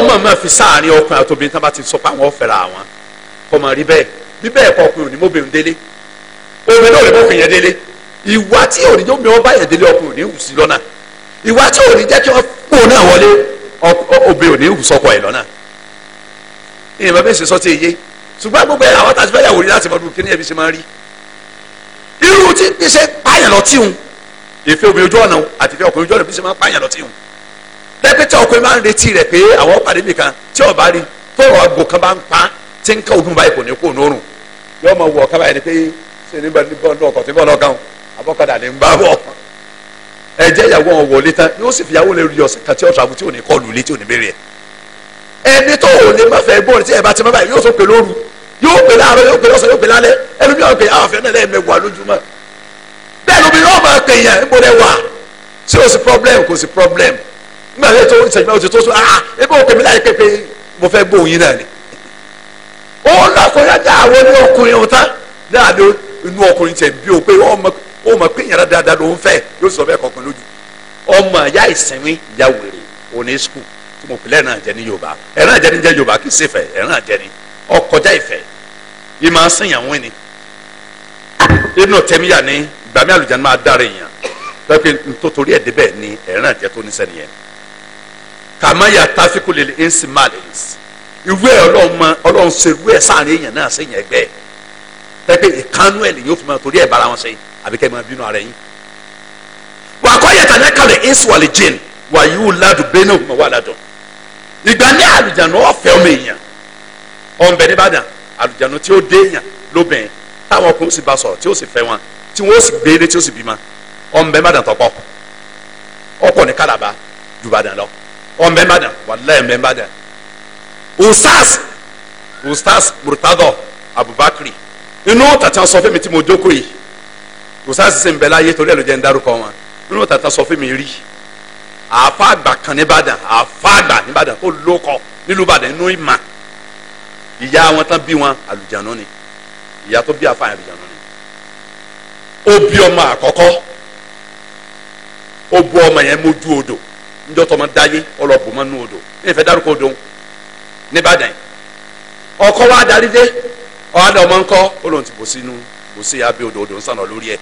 ọlọ́run mọ̀ọ́mọ̀ fi sáàrin ọkùnrin àti obìnrin tán bá ti sọ pé àwọn ọ̀fẹ́ ra wọn kọ́ mọ̀ rí bẹ́ẹ̀ bí bẹ́ẹ̀ kọ́ ọkùnrin ò ní mọ́bìnrin délé obìnrin náà ò lè mọ́kùnrin yẹn délé ìwà tí ò ní jẹ́ obìnrin ọba yẹn délé ọkùnrin ò ní wù sí lọ́nà ìwà tí ò ní jẹ́ kí wọ́n pò náà wọlé obìnrin ò ní wù sọ́kọ ẹ̀ lọ́nà ìyẹn bá bẹ́ẹ̀ ṣe sọ tí èyí ṣùgbọ́n gbogbo ẹ̀ àwọn tàbí fẹ́yàwó rí láti mọ ọdún kíní ẹ̀mí ṣe máa rí irú tí ṣe pààyàn lọ tíhun ìfẹ́ obìnrin ojú ọ̀nà àti ìfẹ́ dẹ́pẹ́tà ọkùnrin máa ń retí rẹ̀ pé àwọn pàdé mi kan tí ọba rí tọrọ àgbò kan bá ń pa tí ń ká ogun báyìí kò ní kó nórùn yóò máa wọ kábàáyé ni pé ṣe ní bá ọkọ̀ tí bọ́ lọ́gàn abọ́kadà ń bá ẹ̀jẹ̀ ìyàwó wọn wọlé tán yóò sì lè rí ọ̀sẹ̀ kan tí ò ní tí ò ní ẹni ti má báyìí yóò lóru yóò pè láàárọ̀ yóò pè yóò pè problem nígbà tó yẹ tó ìṣẹ́jú ti tó sọ ah ebi òkè mi láyé pépé mo fẹ́ gbó òyìn náà ni. ó lọkùnrin ajá àwọn ní ọkùnrin ọ̀hún tán dáadé inú ọkùnrin tẹ̀ bí o pé ó mọ̀ pé ìyàrá dáadáa ló ń fẹ́ yóò sọ bẹ́ẹ̀ kọ̀ọ̀kan lójú ọmọ ìyá ìsinmi ìyá wèrè òní skul tí mo pèlè ẹ̀ràn àjẹni Yorùbá ẹ̀ràn àjẹni jẹ́ Yorùbá kì í ṣe fẹ́ ẹ̀ràn àjẹni ọkọjá ìfẹ́ yìí máa ni Ibn Taymiyyah ní gbàmí àlùjáde máa dára èèyàn lọ́pẹ́ nítorí ẹ̀ débẹ̀ ni ẹ̀ràn ní sẹ́niyẹn kàmá yà tafiku lè ń sin máa lè sí ìwé ọlọ́run mọ ọlọ́run ṣe ìwé ẹ̀ sáàrin èèyàn náà ṣe yẹn gbẹ́ ẹ pé ìkánú ẹ̀ lèyìn ó fi máa torí ẹ̀ bára wọn ṣe àbí kẹ́ ẹ máa bínú ara yín. wà á kọ́ yẹ̀tà ní kalẹ̀ ins wà lè jìn wà yíwù ládùn bẹ́ẹ̀ náà mọ̀ wà ládùn. ìgbà ní àlùjánu ọ̀fẹ́ ọmọ èèyàn ọ̀nbẹ nìbàdàn àlùjánu tí ó dé èèyàn lóbìnrin táwọn ọkùnrin sì bá sọ̀rọ̀ tí ó sì fẹ́ wọn tí wọ́n sì gbé e tí ó sì bímọ ọ̀nbẹ nìbàdàn tọ́pọ̀ ọkọ̀ ní kálàbà jùbàdàn lọ ọmọ ẹnba dàn wàlẹ ọmọ ẹnba dàn ustaz ustaz murtadọ abubakari inú tata sọ fún mi tí mo jókòó yìí ustaz sì ń bẹ láyé torí ẹlòjẹ ń dárúkọ wọn inú tata sọ fún mi rí àfa àgbà kan nìbàdàn àfa àgbà nìbàdàn tó lókọ nílùú ìbàdàn inú ìmà ìyá wọn tán bí wọn àlùjánu ni ìyá tó bí àfa àlùjánu ni ó bí ọmọ àkọ́kọ́ ó bu ọmọ yẹn mójú odò njọ tọmọ dáyé ọlọbù mọ nù odò ní ìfẹ́ dárúkọ odò nìbàdàn ọkọ wa darí dé ọ̀hádà ọmọ ńkọ́ ó lóun ti bò sínú bò sí abẹ́ odò odò ń sànà lórí ẹ̀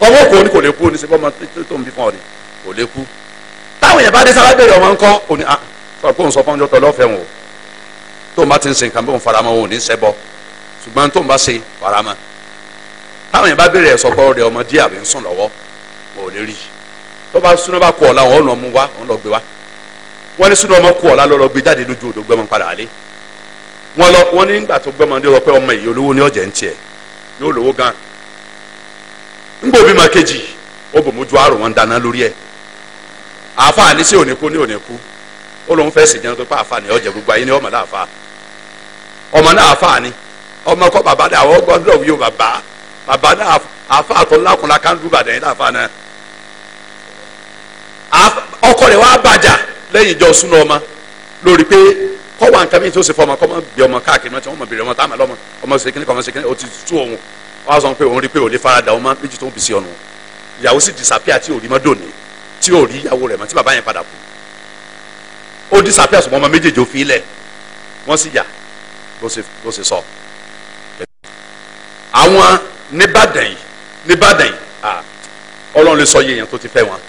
ọwọ́ kò ní kò lè kú oníṣẹ́ bọ́mọ tó ń bí fún ọ ni kò lè kú táwọn yẹn bá dé sábà bèrè ọmọ ńkọ́ ó a. ah sọ pé òun sọ fún ọjọ́ tọ́ lọ́fẹ̀ẹ́ wọn o tó ń bá ti ń sin nǹkan bó ń faramọ́ òun ní sẹ́bọ̀ ṣùgbọ́n tó ń bá ṣe faramọ́ táwọn yẹn bá bèrè ẹ̀ tó bá súná bá kú ọ̀la wọn lọ mú wa wọn lọ gbé wa wọn ní súná ọmọ ọla ọ̀la lọ́lọ́ gbé jáde lójú odò gbẹ́mọ̀ padà alẹ́ wọn lọ wọn ní gbà tó ọmọ yìí olówó ní gan ma kejì ó bò wọn dáná lórí ẹ òní kú ni òní kú ó tó pa gbogbo ayé ọmọ náà ọmọ náà ni ọmọ bàbá bàbá bàbá náà ọkọ rẹ̀ wàá bàjá lẹ́yìn ìjọ súnà ọmọ lórí pé kọ́ wa nǹkan mìíràn tó ṣe fọmọ kọ́ mọ bí ọmọ káàkiri mọ́tí wọ́n mọ̀ bèrè ọmọ táwọn ọmọ ọmọ ṣe kíní ọmọ ṣe kíní o ti tú òun wọ́n sọ pé òun rí pé òun lè fara da ọmọ méjì tó ń bì sí ọ̀nà ìyàwó sì disapia tí òrí mọ́ dòní tí òrí ìyàwó rẹ̀ mọ́ tí bàbá yẹn padà kú ó disapia sùn ọmọ méjèèjì òfin lẹ̀ wọ́n sì yà bó ṣe sọ. àwọn nìbàdàn yìí nìbàdàn yìí ọlọ́run lè sọ yéèyàn tó ti fẹ́ wọn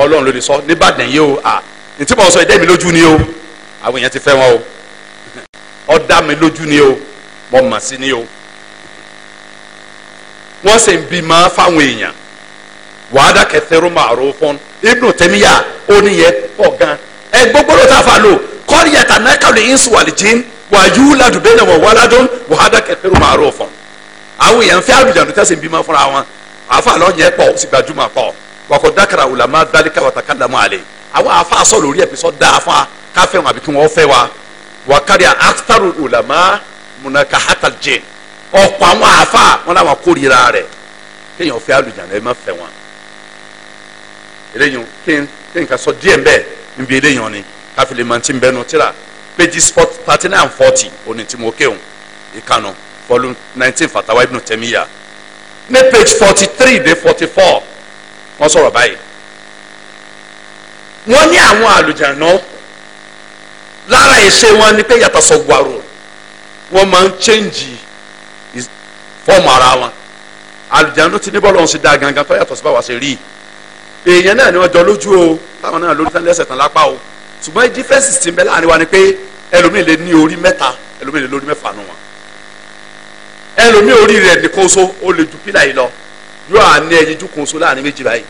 ọlọ́run ló lè sọ nìbàdàn yìí o à ntí mo sọ ẹ̀dẹ́ mi lójú ni o àwọn èèyàn ti fẹ́ wọn o ọ̀dà mi lójú ni o mo mà sí ni o wọ́n sì ń bímọ fáwọn èèyàn wàhádà kẹfẹ́rú màrú fún Ibn Taymiyyah oníyẹ pọ̀ gan ẹ gbogbo ló ta fa lò kọ́ọ̀lì yàtà náà kàlù ìnsù àlìjín wà yú ladùbẹ́ náà wà ládùn wàhádà kẹfẹ́rú màrú fún àwọn èèyàn fẹ́ àlùjáde tẹ́sí ń bímọ fúnra wọn àfa lọ́ọ̀yẹ pọ̀ ó sì gbajúmọ̀ pọ̀ wakọ dakara ulama dalika watakadamu lamu ale àwọn afa sọ lórí ẹpisọ dáfa káfẹ wọn àbí kí wọn fẹ wa wakari akitaru ulama munaka hata jẹ ọ̀pọ̀ àwọn afa wọn làwọn kórìíra rẹ̀ kéèyàn fẹ alùjáde ẹ má fẹ wọn eléyìn kéèyàn kéèyàn ka sọ díẹ̀ nbẹ nbí eléyìn ni káfílẹ̀ mọ̀ntì nbẹ nù tíra péjì sport thirty nine forty oni tí mo kéwọn ìkànnù volume nineteen fatawa ibn tẹ̀míyà ne page forty three de forty four wọ́n sọ̀rọ̀ báyìí wọ́n ní àwọn àlùjànnú lára ìṣe wọn ni pé yàtọ̀ sọ̀gbàrò wọ́n máa ń chẹ́ǹjì fọ́ọ̀mù ara wọn àlùjànnú ti ní bọ́ọ̀lù ọ̀hún sí dáa gangan tó yàtọ̀ sí báwa ṣe rí èèyàn náà ni wọ́n jọ lójú o táwọn náà lórí tán lẹ́sẹ̀ tán lápá o ṣùgbọ́n dífẹ́ǹsì ti ń láàrin wa ni pé ẹlòmíì lè ní orí mẹ́ta ẹlòmíì lè lórí mẹ́fà nù wọn ẹlòmíì orí rẹ̀ nìkan so ó lè ju pílà yìí lọ yóò à ní ẹyinjú kun so láàrin méjì báyìí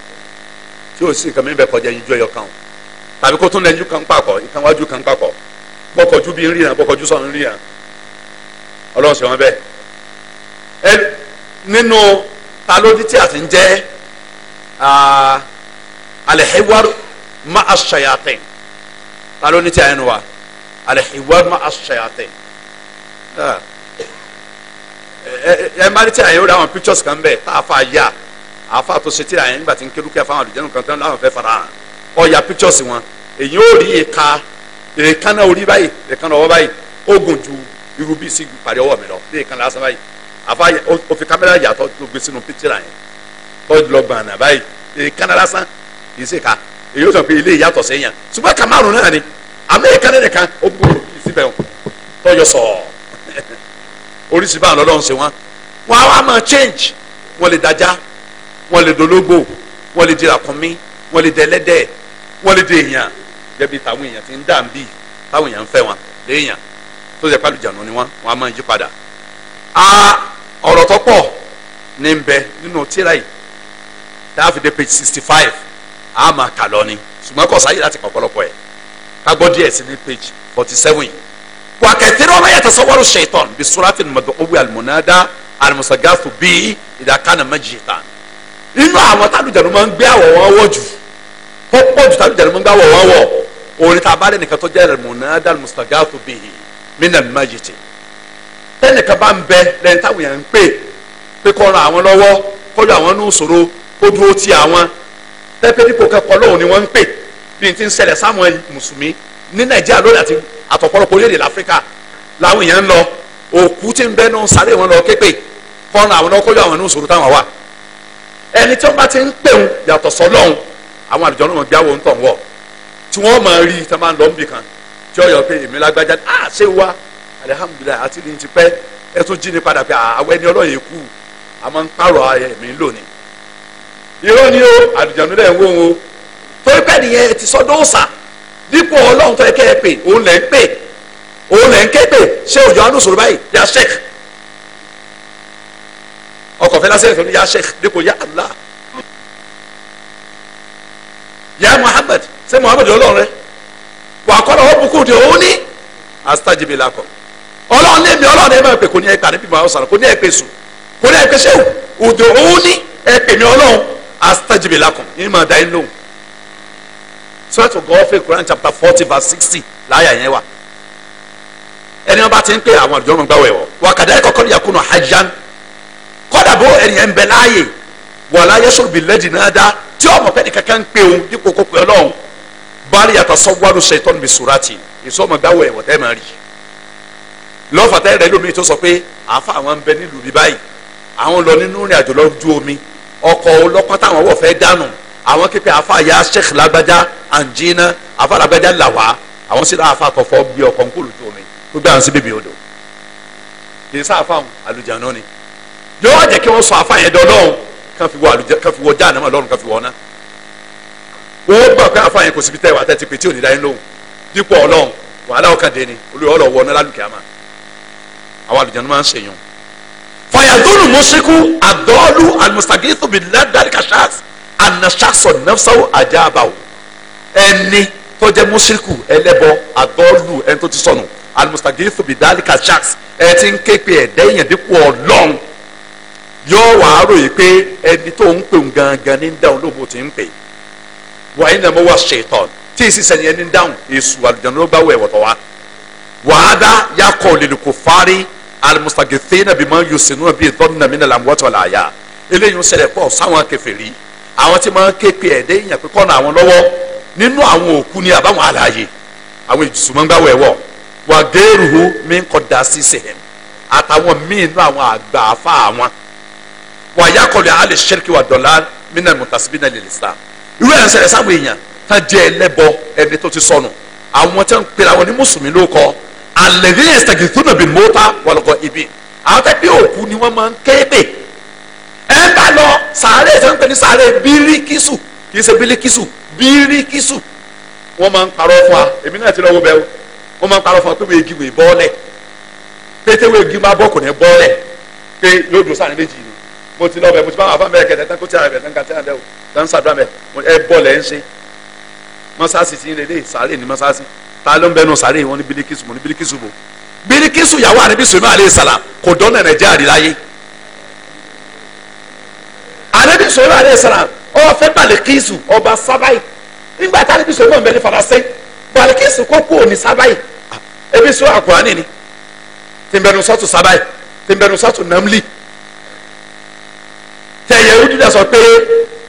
tí o sì kàn mí bẹ kọjá ẹyinjú ẹyọ kan o tàbí kó tún ẹyinjú kan pàkọ ìkan wájú kan pàkọ bọkọjú bí ń rí yàn bọkọjú sọ ń rí yàn ọlọ́run ṣe wọn bẹ́ẹ̀ ẹ nínú ta tí a ti ń jẹ́ alihiwar ma aṣayatin ta ló tí a yẹn wa alihiwar ma aṣayatin. Ah ẹ ẹ mari tí a yẹ o de àwọn pictures kan bẹ tá a fa ya a fa tó ṣe tí a yẹ nígbà tí n kelu kẹ fáwọn àlùjẹnu kan tán láwọn fẹ́ fara hàn ọ ya pictures wọn èyí ó rí ìka èékánná orí báyìí èékánná ọwọ́ báyìí ó gùn ju irú bí sí parí ọwọ́ mi lọ ní èékánná lásán báyìí àfa ó fi kámẹ́rà yàtọ̀ tó gbé sínú picture yẹn tó lọ gbàànà báyìí èékánná lásán kì í ṣe ká èyí ó sọ pé ilé ìyàtọ̀ sẹ́yìn ṣùgbọ́n kàmáàrún náà ni àmì èékánná nìkan ó gbòòrò kì í síbẹ̀ tó yọ sọ̀ọ́ oríṣi bá lọ́lọ́run ṣe wọ́n wọ́n á wá máa change wọ́n lè dájá wọ́n lè dológbò wọ́n lè di ràkúnmí wọ́n lè dẹlẹ́dẹ̀ wọ́n lè di èèyàn jẹ́bi táwọn èèyàn ti ń dà ń bì táwọn èèyàn ń fẹ́ wọn léèyàn tó yẹ pálí jànú ni wọ́n wọ́n á máa yí padà. a ọ̀rọ̀ tó pọ̀ ní bẹ nínú tíra yìí dáàfin dé page sixty five a máa kà lọ ni ṣùgbọ́n kọ̀ sáyé láti pọ̀ pọ̀lọpọ̀ ẹ̀ ká gbọ́ díẹ̀ sí ní page forty seven yìí wa kathiru ma yatasawwaru shaytan bi surati al-mad'u al-munada al-musaghathu bi idha kana majitan nínú àwọn tálùjàdù máa ń gbé àwọ̀ wọn wọ̀ jù tó pọ̀ jù tálùjàdù máa ń gbé àwọ̀ wọn wọ̀ orin tá a bá rẹ̀ nìkan tó jẹ́ al-munada al-musaghathu bi min al-majiti tẹ́nìkan bá ń bẹ lẹ́yìn táwọn èèyàn ń pè pé kó ran àwọn lọ́wọ́ kó lọ àwọn ní ìṣòro kó dúró ti àwọn tẹ́pẹ́ dípò kẹ́kọ̀ọ́ lóhùn ni wọ́n ń pè bí n ti ń ṣẹlẹ̀ sáwọn mùsùlùmí ní nàìjíríà lónìí àti àtọ̀pọ̀lọpọ̀ orílẹ̀-èdè láfíríkà làwọn èèyàn ń lọ òkú tí ń bẹ náà sáré wọn lọ képe kọ́nà àwọn náà kọ́jú àwọn inú sòrò táwọn wà ẹni tí wọ́n bá ti ń pèun yàtọ̀ sọ́lọ́hún àwọn àdìjọ́ náà bí àwọn òǹtọ̀ wọ̀ tí wọ́n máa rí tí wọ́n máa ń lọ níbì kan tí ó yọ pé èmi lágbájá á ṣe wá alihamudulilayi àti ní ti pẹ́ ẹ tún jí ni padà pé àwọn ẹni ọlọ́yẹ̀ kú àmọ́ ń pààrọ̀ ẹ̀mí lónìí irọ́ ni ó dípò ọlọ́run tó yẹ kẹ́ ẹ pè òun lẹ́ ń pè òun lẹ́ ń ké pè ṣé òjò àánú sọ̀rọ̀ báyìí yá sheikh ọkọ̀ fẹ́ lásìkò ìfẹ́ yá sheikh dípò yá allah yá muhammad ṣé muhammad ọlọ́run rẹ wà á kọ́ra ó bukú di òun ní astajibi lakọ ọlọ́run lé mi ọlọ́run ẹ máa pè kò ní ẹ pè àníbi muhammad sọ̀rọ̀ kò ní ẹ pè sùn kò ní ẹ pè ṣéwù òdò òun ní ẹ pè mi ọlọ́run astajibi lakọ ní màá dá lóhùn sọ́ọ̀tù gọ́ọ́fẹ́ Quran chapter forty verse sixty láyà yẹn wà ẹni wọn bá ti ń pè àwọn àdúgbò gbà wẹ̀wọ̀ wàkàdá ẹ̀kọ́ kọ́ni yakunu hajjan kọ́dà bó ẹni yẹn ń bẹ láàyè wàlá yẹsùn bìlẹ́dì náà dá tí ọmọ pẹ́ni kankan ń pè òun dípò kó pè ọlọ́run báàlì yàtọ̀ sọ́wọ́nù ṣètọ́n bí surati ìsọmọ gbà wẹ̀wọ̀ tẹ́ máa rí lọ́fàtà rẹ̀ lómi tó sọ pé àáfà àwọn ń bẹ nílùú bíbáyìí àwọn lọ nínú ìrìn àjò lọ́jọ́ omi ọkọ̀ olọ́kọ́ táwọn wọ̀ fẹ́ dànù àwọn kékeré afa ya sheikh lágbájá anjina afa lágbájá làwà àwọn sì láfa kọfọ bí ọkọ nkúlù tó mi gbogbo àwọn sì bèbè odò kì í sáfa àlùjáná ni yóò wá jẹ kí wọn sọ afa yẹn dọdọrùn kan fi wọ àlùjá kan fi wọ jáàná máa lọrùn kan fi wọ ọ̀nà wọ́n gbà pé afa yẹn kò síbi tẹ́ wà tẹ́tí pé tí ò ní dáyé lóhùn dípò ọlọ́run wàhálà ọkàn dé ni olùyọ ọlọ wọ ọ̀nà lálùkẹ́ àmà àwọn àlùjáná máa ń ṣèyàn fàyàdúnù mọ́síkú àdọ́ọ́lù àlùmọ́sàgẹ́tò bìlá anasasọ nafsawo ajabawo ẹni tọjẹ mọṣíríkù ẹlẹbọ àgọlù ẹni tó ti sọnù alimusagirifu bidalika shaks ẹ ti ń ké pe ẹdẹ yẹn dípò Ọlọ́run yóò wàá ròyìn pé ẹni tó ń pè ń gangan ní dáhùn lóbo ti ń pè wàá yín lẹ́mọ́ wá ṣètọ́n tí èsì sẹ́yìn ẹni dáhùn èṣù àlùjáde ló bá wẹ̀ wọ̀tọ̀ wá wàá dá yakọ̀ lèlè kò fárí alimusagirifu nàbí mọ́ yosinu nàbí ìtọ́nù nàmínà làmúwọ́tọ̀ làyà eléyìí ń ṣẹlẹ̀ pọ̀ sáwọn kèfèrí àwọn tí máa ń ké pe ẹ̀dẹ́ èèyàn àwọn lọ́wọ́ nínú àwọn òkú ni àbáwọn àlàyé àwọn ìjùsùmọ́ngbàwọ̀ ẹ̀wọ̀ wà géèrú mi ń kọ́ da sí sẹ́yìn àtàwọn míì nínú àwọn àgbà afá àwọn wà yákọ̀lẹ̀ alẹ́ sẹ́ríkì wà dọ̀là mínà mùtàsíbínà lèlè sá irú ẹ̀ ń ṣẹlẹ̀ sáwọn èèyàn tá jẹ́ ẹlẹ́bọ ẹni tó ti sọnù àwọn tí wọ́n ń pera ní mùsùlùmí ló kọ́ alẹ́ ní tó nàbì mọ́tà wọlọ́kọ̀ ibi àwọn tẹ́ bí òkú ni wọ́n máa ń kébè ẹ bá lọ sàárè tó ń pè ní sàárè bíríkìsù kì í ṣe bíríkìsù bíríkìsù wọ́n máa ń parọ́ fún wa èmi náà ti lọ́wọ́ bẹ́ẹ̀ wọ́n máa ń parọ́ fún wa pé wọ́n egi wèé bọ́ọ̀lẹ̀ pété wọ́n egi máa bọ́ kò ní bọ́ọ̀lẹ̀ pé yóò dùn sàárè méjì ni mo ti lọ́wọ́ bẹ́ẹ̀ mo ti bá àwọn afáàmì ẹ̀kẹ́ tẹ́tẹ́ kó tí a tán ká tí a tán sàdúrà mẹ́ ẹ bọ́ọ̀lẹ̀ ń ṣe mọ́sáàsì ti ń lélẹ̀ sàárè ní mọ́sáàsì ta ló ń bẹnu sàárè wọn ní bíríkìsù mo ní bíríkìsù bò bíríkìsù yàwó àrẹ́bí sùnú àlẹ́ ìsàlà anabi sọlọ alẹ sara ọfẹ balikisu ọba sabayi nígbà tí anabi sọlọ mẹni falasẹ balikisu kó kú òní sabayi ebi sọ akurani ni tìǹbẹ̀nu sọ́tù sabayi tìǹbẹ̀nu sọ́tù namli tẹ yẹru duda sọ pé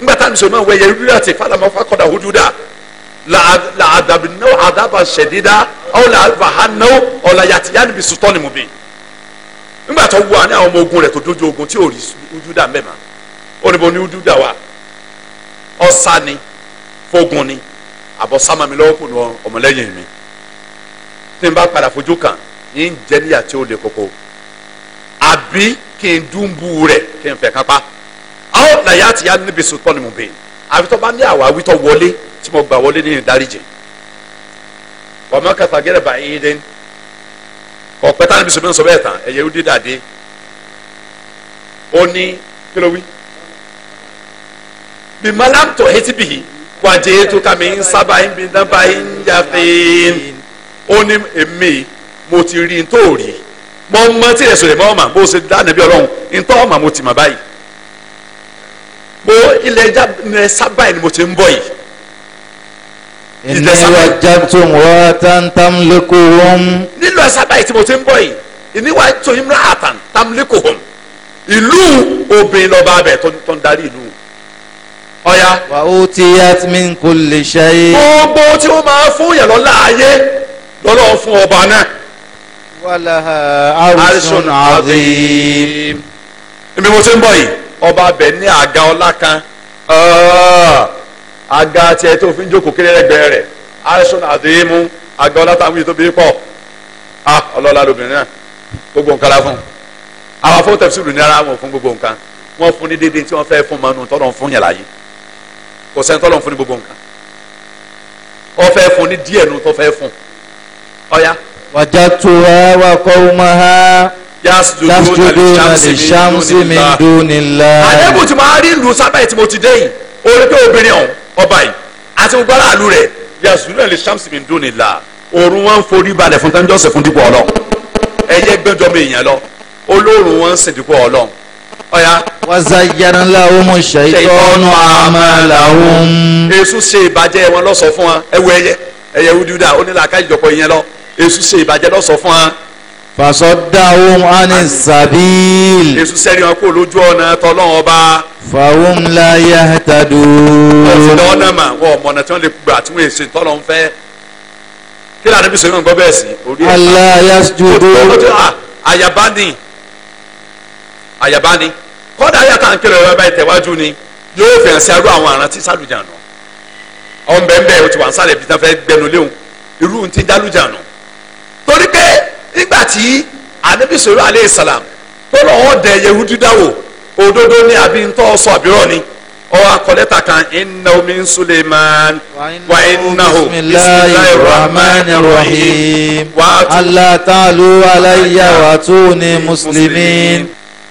nígbà tí anabi sọlọ mẹni wẹ yẹru duda ti falama fakọda hududa la adabinawo adaba sẹdida aw la bahanawo aw la yatiyani bi sutọ ni mu bi nígbà tó wù wá ní àwọn ọmọ ogun rẹ tó dojú ogun tí ò rí ojú dà mẹ́ma oníbo ní udu dà wá ọ̀sá ni fógun ni àbọ̀ sáma mi lọ́wọ́ kùnú ọmọlẹ́yìn mi tí n bá padà fojú kan yín jẹ́ níyà tí ó le koko àbí kí n dúnbù rẹ̀ kí n fẹ́ kápá àwọn làyà tí yá níbi sùpọ̀ ni mo bè àfi tó bá ní àwa wítọ́ wọlé tí mo gbà wọlé ní ìdáríjì wàá má kàtà gẹ́rẹ́ bá yín dé ọ̀pẹ́ tá níbi sùpọ̀ ní sọ tán ẹ̀yẹ́ ó dàdé ó ní kí bimalam tó hẹ́tì bìí wàjẹ́ tó kàmí ń sábà ń bí dábà ń yàfẹ́ ó ní èmi mo ti rí n tó rí mo mọ tí èso rẹ̀ mọ́ ọ̀mà bó ṣe dáná bí ọlọ́run n tọ́ ọ̀mà mo ti mà báyìí mo ilẹ̀ sábà ni mo ti ń bọ̀ yìí. wa wàjà tó ń wá tántám lẹ́kọ̀ọ́m. nílò sábà yìí tí mo ti ń bọ̀ yìí ìní wàjà tó ń rà àtàn tám lẹ́kọ̀ọ́m ìlú obìnrin lọ́ba abẹ tó ń darí ìlú ọ̀ya. wà ó ti yàtí mi kò lè ṣe é. gbogbo tí wọ́n máa fún yàn lọ́la ayé lọ́lọ́ fún ọba náà. wàlá àrùsùn àdìm. ibi mo ti ń bọ̀ yìí ọba abẹ ní àga ọlá kan ah, àga tiẹ̀ tó fi ń jókòó kéré lẹ́gbẹ̀ẹ́ rẹ̀ àrùsùn àdìm àga ọlá táwọn yìí tó bí pọ̀ ah, ọlọ́lá lóbìnrin náà gbogbo nǹkan la fún àwọn afọ́tẹ̀sílù ní ara wọn fún gbogbo nǹkan wọ́n fún ní déédéé tí wọ́n fẹ́ fún mọ́nú tọ́lọ́ fún yàrá yìí kò sẹ́ni tọ́lọ̀ fún ní gbogbo nǹkan ọ̀fẹ́ fún ní díẹ̀ nu tó fún ọ̀ya. wàjà tó wá wà kọ́ ọmọ ha yasjudu alishamsi min dunillah. àdébù tí màá rí ìlú sábẹ́ tí mo ti dé yìí orí obìnrin ọ̀hún ọba yìí àti gbogbo aráàlú rẹ̀ yasjudu alishamsi min dunillah òòrùn wọn forí balẹ̀ fún tẹ́ńjọ́sẹ̀ fún dípò ọlọ́ ẹ̀yẹ́ gbẹ́jọ́ mi èèyàn lọ olóòrùn wọn ń dípò ọlọ́run ọ̀yà. wàzàyàrá làwọn ṣàìtọ́nù àmàlàwọn. èṣù ṣe ìbàjẹ́ wọn lọ́sọ̀ fún wa ẹwù ẹyẹ ẹyẹ wúdúdà onílàáká ìjọpọ̀ ìyẹn lọ èṣù ṣe ìbàjẹ́ lọ́sọ̀ fún wa. fasọ́dáwọ́n ani sabil. èṣù sẹ́ni wọn kó lójú ọ̀nà tọ́lọ́wọ́n bá. fàwọn la yahtadun. ọ̀sẹ̀ lọ́wọ́ náà wọ́n mọ̀nà tí wọ́n lè kí ló àdébísọ̀ yóò gbọ́ bẹ́ẹ̀ sí. Allah yasjudu. ayabani ayabani. kọ́dà yàtọ̀ à ń ọ̀rọ̀ báyìí ni yóò fẹ̀ sí arú àwọn àrántí sálùjànù ọ̀n o ti wà ń sálẹ̀ bí tán gbẹnu léwu irú ti dálùjànù torí pé nígbà tí anabi sọ̀rọ̀ alẹ́ ìsàlám tó dẹ ni àbí ntọ́ sọ àbírọ̀ ni ọwọ́ akọ̀lẹ́ta kan inna wa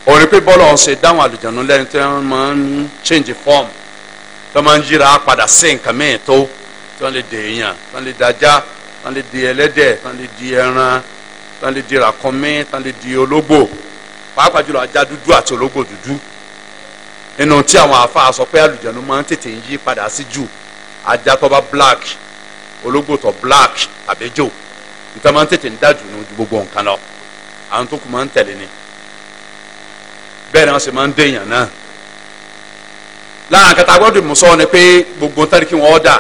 òní pé bọ́lá ọ̀hún ṣe dáhùn àlùjánu lẹ́yìn tí wọ́n máa ń change form tí wọ́n máa ń yíra padà sí nǹkan mẹ́rin tó tí wọ́n lè dè èèyàn tí wọ́n lè dájá tí wọ́n lè di ẹlẹ́dẹ̀ tí wọ́n lè di ẹran tí wọ́n lè di ràkúnmí tí wọ́n lè di ológbò pàápàá jùlọ ajá dúdú àti ológbò dúdú nínú tí àwọn àáfàá sọ pé àlùjánu máa ń tètè yí padà sí jù ajá tó bá black ológbò tó black àbẹ́jọ́ nítorí máa ń tètè ń dájú ní gbogbo nǹkan lọ àwọn tó kù máa ń tẹ̀lé ni bẹ́ẹ̀ náà sì máa ń dèèyàn náà láàrin kẹta gbọ́dọ̀ mú sọ ni pé gbogbo tẹ́lẹ̀ kí wọ́n dà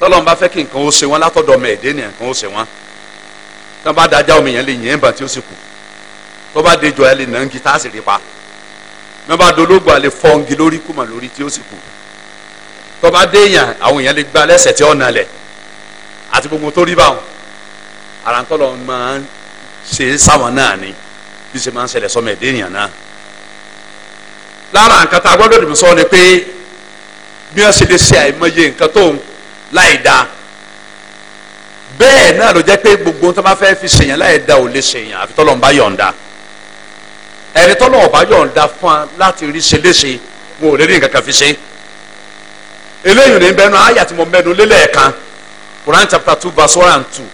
tọ́lọ́n bá fẹ́ kí nǹkan ó ṣe wọ́n látọ̀dọ̀ ọmọ ẹ̀dẹ́ ni nǹkan ó ṣe wọ́n tí wọ́n bá dájá omi yẹn lè yẹn bà tí ó sì kù tó bá dejò ẹ lè nà ń gi tá a sì rí pa tí wọ́n bá dológbò ẹ lè fọ́ngi lórí kùmà lórí tí ó sì kù tó bá déèyàn àwọn èèyàn lè gba lẹ́sẹ̀ tí ó nà lẹ̀ àti gbogbo tó rí báwọn àràǹtọ́lọ́ máa ń ṣe sáwọn náà ni bí ṣe máa ń ṣẹlẹ̀ sọ́mọ ẹ̀dẹ́ èèyàn náà lára nǹkan tá a gbọ́dọ̀ dùn sọ ni pé bí wọ́n ṣe lè ṣe àìmọye nǹkan tó ń láì da bẹ́ẹ̀ náà ló jẹ́ pé gbogbo tó bá fẹ́ fi ṣèyàn láì da ò lè ṣèyàn àfi tọ́lọ́ bá yọ̀ǹda ẹni tọ́lọ́ bá yọ̀ǹda fún wa láti rí ṣe léṣe wọn ò lè rí nǹkan kan fi ṣe eléyìí ní bẹ́ẹ̀ náà àyà mo mẹ́nu lélẹ̀ẹ́kan Quran chapter two verse one and two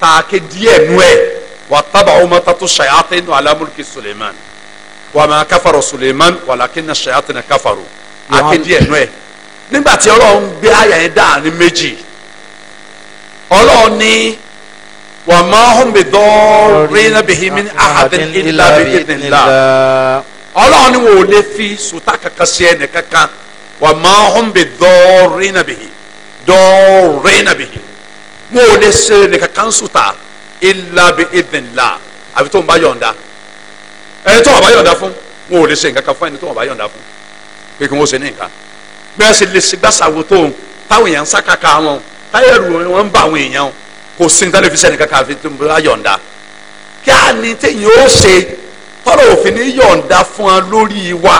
tá a ké díẹ̀ nú ẹ̀ واتبعوا ما تتلو الشياطين على ملك سليمان وما كفر سليمان ولكن الشياطين كفروا akéde ẹnu ẹ nígbà tí ọlọ́run gbé àyà yẹn dáàrin méjì ọlọ́run ní wa ma hum bidarrina bihi min ahadin illa bi'idhnillah ọlọ́run ní wọn ò lè fi sùtá kankan sí ẹnì kankan wa ma hum bidarrina bihi darrina bihi wọn ò lè ṣe ẹnì kankan sùtá illa bi idhnillah àfi tó ń bá yọ̀ǹda ẹni tó ń bá yọ̀ǹda fún wọn ò lè ṣe nǹkan kan fún ẹni tó ń bá yọ̀ǹda fún pé kí wọ́n ṣe ní nǹkan bẹ́ẹ̀ sì lè gbàsàwò tó ń táwọn èèyàn ń sákàkà wọn táyẹ̀rù wọn ń bá àwọn èèyàn kò sí ní tẹlifíṣàn nìkan káfí tó ń bá yọ̀ǹda kí á ní téèyàn ó ṣe òfin ní yọ̀ǹda fún wọn lórí wa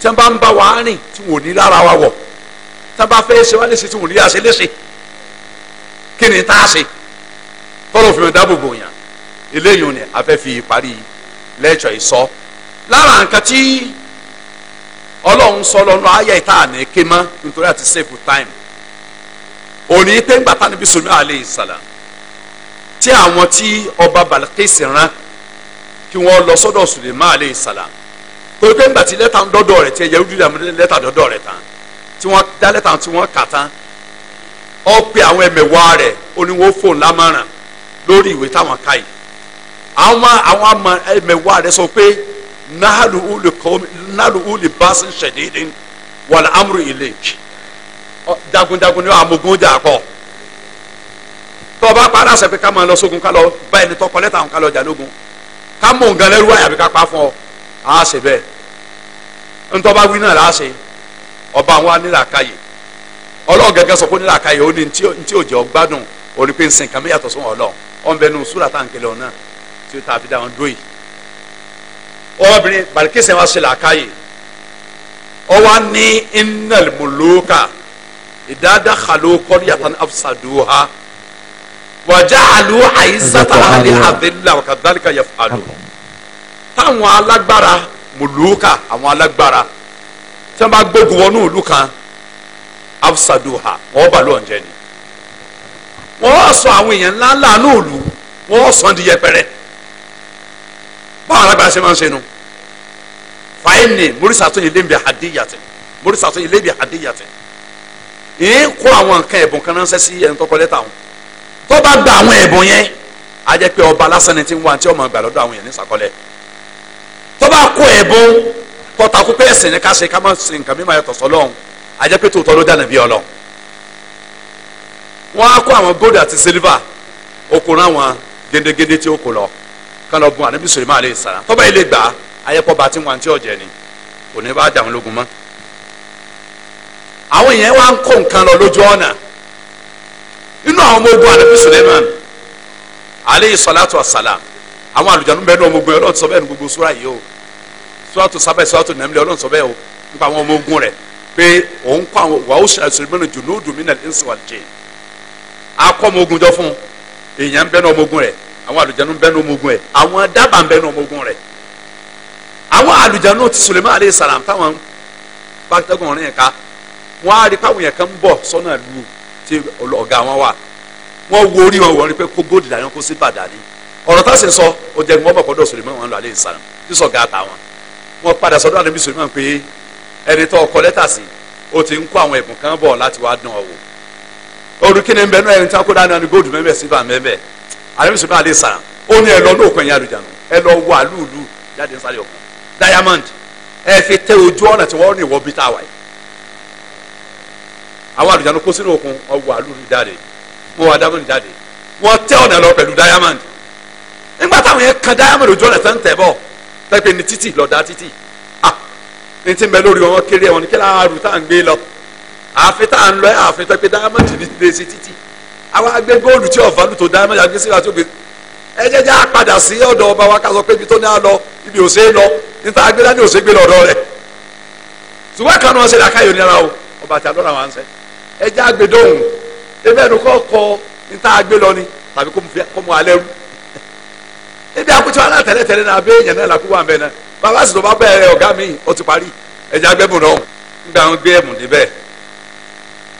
tí wọ́n bá ń bá wa rìn tí wọ́n ní lára wa wọ̀ tí wọ́n bá fẹ́ ṣe wá léṣe tí wọ́n ò ní àṣẹ léṣe kí ni tá a ṣe tọ́lọ̀ fi hàn dáàbò bò yàn eléyìí ni a fẹ́ fi parí lẹ́tọ̀ ìsọ lára nǹkan tí ọlọ́run sọ lọ́nà ayé ìta àná ké mọ́ nítorí àti save time òní pé ńgbà tá níbi sùnmí alayhi salam tí àwọn tí ọba Balqis rán kí wọ́n lọ sọ́dọ̀ Suleiman alayhi salam torí pé ńgbà tí lẹ́tà ń dọ́dọ̀ rẹ̀ tí ẹ̀yẹ ojú ìdààmú lẹ́tà dọ́dọ̀ rẹ̀ tán tí wọ́n dá lẹ́tà tí wọ́n kà tán ó pe àwọn ẹ̀mẹ̀wá rẹ̀ ó ní lámọ̀ràn lórí ìwé táwọn ká yìí àwọn àwọn àmọ ẹmẹ̀wà rẹ sọ pé náàlù ulè kọ́mi náàlù ulè báṣin ṣẹ̀dídì wàlẹ̀ ile ilé jagunjagun ni amugun jà kọ tọba para sẹ́pẹ́ ká kama lọ sógun ká lọ bá ẹni tọkọ lẹ́tà jà lógun ká be nǹkan lẹ́rú àyàbí fún ọ wí náà ọba àwọn ọlọ́ọ̀gẹ́gẹ́ sọ pé ó ní ntí ọ̀nbẹ́nu sura tá à ń kẹlẹ́ ọ̀nà tí ó ta àfi dá wọn dóyè ọmọbìnrin balikẹsẹ wa ṣe làákàyè ọwọ ní innal muluka idada khalo qaryatan afsaduha wàjàlú àyíṣàtà àlẹ àdéhùlà wàkàdálíkà yaf'alu táwọn alágbára muluka àwọn alágbára tí wọn bá gbógun wọnú ìlú kan afsaduha wọn bá lóun jẹ wọ́n sọ àwọn èèyàn ńlá ńlá lóòlù wọ́n sọ di yẹpẹrẹ báwọn alágbára ṣe máa ń ṣe nu fàáyínì mórísàtún ilé ń bẹ àdéyàtẹ mórísàtún ilé ń bẹ àdéyàtẹ èyí kó àwọn nǹkan ẹ̀bùn kan ránṣẹ́ sí ẹni tọkọ lẹ́tà wọn tó bá gba àwọn ẹ̀bùn yẹn á jẹ́ pé ọba lásán ni ti ń wá àti ọmọ ìgbà lọ́dọ̀ àwọn èèyàn ní sàkọlẹ̀ tó bá kó ẹ̀bùn tọ́takú pẹ́ẹ́sì ni ká ṣe ká má ṣe nǹkan mímọ́ ẹ̀tọ́ sọ́lọ́hún á wọ́n á kó àwọn gold àti silver okòrò àwọn gédégédé tí ó kò lọ kán lọ gun ànábì sùlẹ̀mán alẹ́ ìsàlá tọ́ba yìí lè gbà á ayẹ́pọ̀ bá ti wọn àti ọ̀jẹ̀ ni kò ní bá dàrún lógun mọ́. àwọn èèyàn wá ń kó nǹkan lọ lójú ọ̀nà inú àwọn ọmọ ogun ànábì sùlẹ̀mán alẹ́ ìsọ̀lá tó ọ̀sàlá àwọn àlùjánu bẹ́ẹ̀ ní ọmọ ogun ọlọ́run sọ bẹ́ẹ̀ ní gbogbo súrà yìí o súràtù sábà súràtù nàmílẹ̀ ọlọ́run sọ bẹ́ẹ̀ o nípa àwọn ọmọ ogun rẹ̀ pé òun kọ́ àwọn wàhùn sùlẹ̀mán jùlọ akọ́ ọmọ ogun jọ fún èèyàn ń bẹ́nu ọmọ ogun rẹ̀ àwọn àlùjánu ń bẹ́nu ọmọ ogun rẹ̀ àwọn dábàá ń bẹ́nu ọmọ ogun rẹ̀ àwọn àlùjánu ti Suleiman aleyhi salam táwọn pátákùn ọ̀rìn yẹn ká wọ́n á rí pàwọn yẹn kan ń bọ̀ sọ́nà lu tí ọ̀gá wọn wà wọ́n wo orí wọn wọ́n rí pé kó góòdì láyọ̀ kó sí bàdà ni ọ̀rọ̀ tá a sì sọ ó jẹ́ wọ́n bọ̀kọ́dọ̀ Suleiman wọn lọ aleyhi salam tí sọ̀gá ta wọn wọ́n padà sọ́dọ̀ àdébí Suleiman pé ẹni tó ọdún kí ni ń bẹ náà ẹni tí a kó dáná ni góòdù mẹ́mẹ́ sílva mẹ́mẹ́ àyẹ̀mísọ̀ bá a lè sàn ó ní ẹ lọ lóòkùn ẹ̀yà àlùjánu ẹ lọ wọ àlùlù jáde ń sáré ọkùn diamond ẹ e, fi tẹ ojú ọ̀nà tí wọ́n ní ìwọ bí tá a wà yìí àwọn àlùjánu kó sínú òkun ọwọ́ àlùlù jáde wọ́n wá diamond jáde wọ́n tẹ ọ̀nà lọ pẹ̀lú diamond nígbà táwọn yẹn kan diamond ojú ọ̀nà tán tẹ̀ bọ̀ tẹ́pẹ́ ní títì lọ́ọ́ da títì ah ní ti mẹ́ lórí wọn kéré wọn ní kí ààfin tá ń lọ ààfin pé diamond ní lè títì àwọn agbẹ góòlù tí ọ̀fà lù tó diamond àgbẹ síra tó ẹ ọba wa ká pé ibi tó ní ibi ò ṣe lọ níta agbẹ dání ò ṣe gbé lọ́dọ̀ rẹ̀ ṣùgbọ́n kan náà làkà yòó nira o ọba àti àlọ́ra wa sẹ́ ẹ jẹ́ agbẹ dóhùn ebi ẹnu kọ́ níta lọ ni tàbí kó mu alẹ́ rú ebi akutu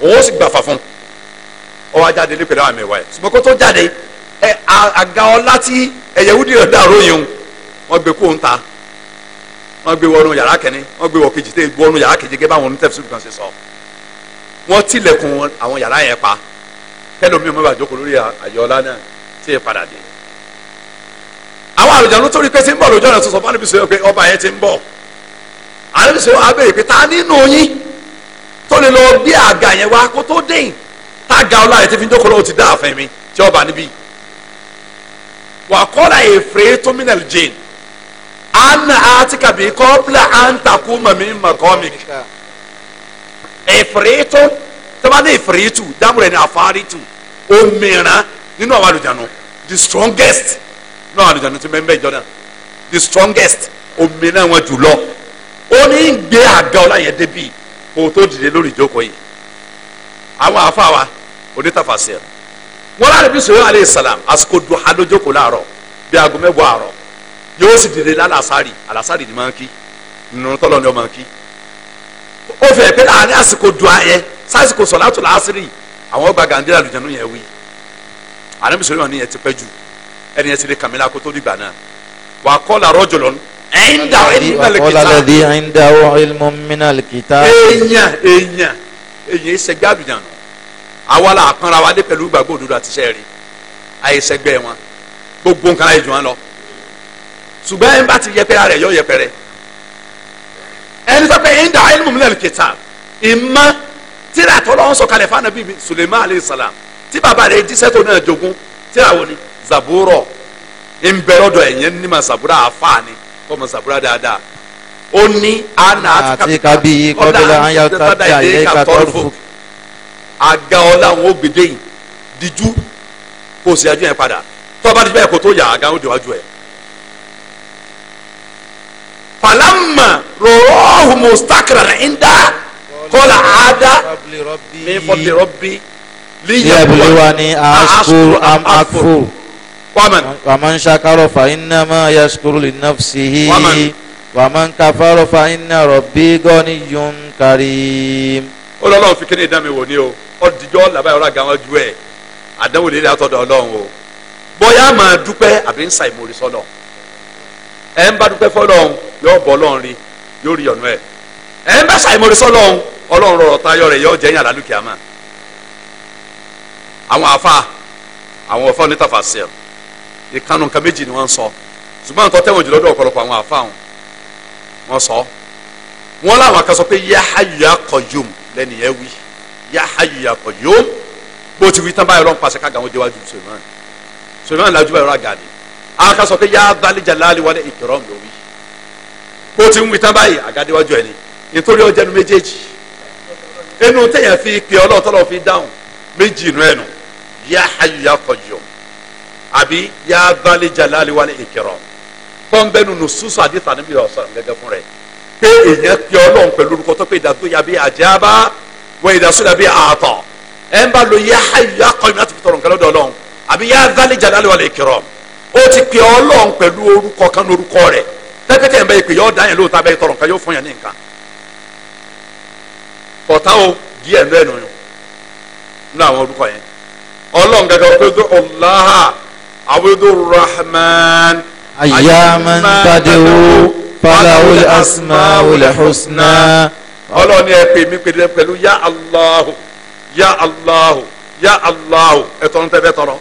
òun ó sì gbàfà fún ọ wá jáde lépèlú àmì ìwà ẹ ṣùgbọ́n kó tó jáde ẹ àga ọlá tí ẹ̀yẹ wúdi rẹ̀ dàrú yìí wọ́n gbé kóun ta wọ́n gbé wọnú yàrá kẹ́ni wọ́n gbé wọ kejì tẹ́ wọnú yàrá kejì gẹ́gẹ́ báwọn onítẹ̀sí kan ṣe sọ wọ́n tilẹ̀kùn àwọn yàrá yẹn pa tẹ́lómi mọ́ bàjọ́ kò lórí àyọ̀ọ́lá náà tí ì padà dé àwọn àlùjánu tó rí pé ti ń bọ̀ lójú ọ̀nà tó sọ fún àlùbísọ̀ pé ọba yẹn ti ń bọ̀ àlùbísọ̀ abẹ́ ìpè ta nínú yín ó lè lọ bí àga yẹn wá kó tó dẹ́yìn tága ọlá yẹn ti fi ń dókòló ti dá àfẹ́ mi tí ọba níbí wà kọ́lá èfèrè tó mìnàlì jane anna atika bi kọ́pla antaku mami makomi èfèrè tó tábàdé èfèrè tù dáàbò rẹ̀ ní afárí tù ó mìíràn nínú àwọn àlùjánu the strongest nínú àwọn àlùjánu ti mẹ́mbẹ́ ìjọ náà the strongest ó mìíràn wọn jù lọ ó ní gbé àga ọlá yẹn débi kó o tó dìde lórí ìjókòó yìí àwọn afáwa onítàfàṣẹ wọn láti bí sọyọ aleyhi salam àsìkò dùn alójókòó láàárọ̀ bí aago mẹ́wàá àárọ̀ yóò sì dìde lálàsárì àlàsárì ni máa ń kí nínú tọ́lọ́ ni ó máa ń kí ó fẹ́ pé láàrin àsìkò dùn ayẹ sásìkò sọ̀látò láásìrì àwọn ọgbà gàǹdẹ́rà lùjẹ̀nu yẹn wí àdébísọ̀rọ̀ ni yẹn ti pẹ́ jù ẹni yẹn ti lè kàmílà kó tó dìgbà náà wà á kọ́ làárọ̀ jọ̀lọ́nù ẹ̀ńdà ilmu minal kitab. ọ̀là lẹ́dí ẹ̀ńdà ilmu minal kitab. èèyàn èèyàn èèyàn ìṣẹ̀gbẹ́ àbújàn àwa la àpọ́nra wa dé pẹ̀lú gbàgbọ́ òdodo àti iṣẹ́ rí àìṣẹ̀gbẹ́ wọn gbogbo nǹkan ayé jù wọn lọ ṣùgbọ́n ẹ̀ ń bá ti yẹpẹrẹ rẹ̀ yọ yẹpẹrẹ ẹni tó pé ẹ̀ńdà ilmu minal kitab ìmọ̀ tíra tọ́lọ́ ń sọ̀kalẹ̀ fún anabi Suleiman alayhi salam tí bàbá rẹ̀ jíṣẹ́ tó náà jogún tíra wo ni zaburọ̀ ń bẹ lọ́dọ̀ ẹ̀yẹn ní ma zabura àfáà ni kọ́mọ sàbúrà dáadáa ó ní àná àti kábí kọ́bílà àyà tàbí àyè kàtọ́rùfù. àga ọlá wọn ò gbèdé yìí díjú kó o sì ajú yẹn padà tọ́ba díjú yẹn kó tó yà àga ó déwájú ẹ̀. falama rọrọ́ọ̀hù mustakra ẹ̀ńdá kọ́lá àádá mi fọ́tẹ̀ rọ́bì líyàbùwà ni àásù àmàkù. ومن ومن شكر فإنما يشكر لنفسه ومن ومن كفر فإن ربي غني كريم Ọlọ́run fi kíni dán mi wò ni o ọdijọ laba yọrọ gan ju ẹ àdánwò lè látọ̀dọ̀ Ọlọ́run o bóyá máa dúpẹ́ àbí ń sa ìmòrì sọ́lọ̀ ẹ ń bá dúpẹ́ fọ́lọ́run yóò bọ Ọlọ́run rí yóò rí ọ̀nà ẹ ẹ ń bá sa ìmòrì sọ́lọ́run Ọlọ́run rọrọ tayọ rẹ yóò jẹ yàn lálùkìá mà àwọn afa àwọn ọfọ onítàfàṣẹ ìkànnù nǹkan méjì ni wọ́n sọ ṣùgbọ́n nǹkan tẹ̀wọ̀n jùlọ dọ̀ ọ̀pọ̀lọpọ̀ àwọn àfa wọn wọ́n sọ wọn làwọn kan sọ pé ya hayu ya qayyum lẹ́nu yẹn wí ya hayu ya qayyum bó ti wí tán báyọ̀ lọ́n pàṣẹ ká déwájú Suleiman Suleiman làwọn jùlọ àgà ni àwọn kan pé ya dhal jalali wal ikram ló wí bó ti wí tán báyìí àgà déwájú ẹni nítorí ọjà ẹnu méjèèjì ẹnu tẹ̀yẹ̀ fi pè ọlọ́ọ̀tọ́lọ́ fi dáhùn méjì inú ẹnu ya hayu àbí yá balẹ̀ jalali wà ní ìkẹrọ tọ́ńbẹ́nu nù sùsù àdìsá níbi ọ̀sán gẹ́gẹ́ fún rẹ̀ pé èèyàn pe ọlọ́run pẹ̀lú orúkọ tó pé ìdásó yàbí àjẹbá wọ ìdásó yàbí àtọ̀ ẹ̀ ń bá lo yá ayọ̀ yá kọ́ ìmọ̀ láti fi tọrọ nǹkan lọ́dọ̀ ọlọ́run àbí yá balẹ̀ jalali wà ní ìkẹrọ ó ti pe ọlọ́run pẹ̀lú orúkọ kan ní orúkọ rẹ̀ tẹ́kẹ́tẹ́ ìbẹ́ ìpè yọ̀ọ́ dáyẹn lóòótọ́ abẹ́ tọrọ nǹkan yóò fún yẹn ní nǹkan kọ̀tá o díẹ̀ nù nínú àwọn orúkọ عبد الرحمن أياما تدعو فله الأسماء الحسنى Ọlọ́run ni ẹ pè mí pèdè pẹ̀lú ya Allahu ya Allahu ya Allahu ẹtọ ní tẹfẹ tọrọ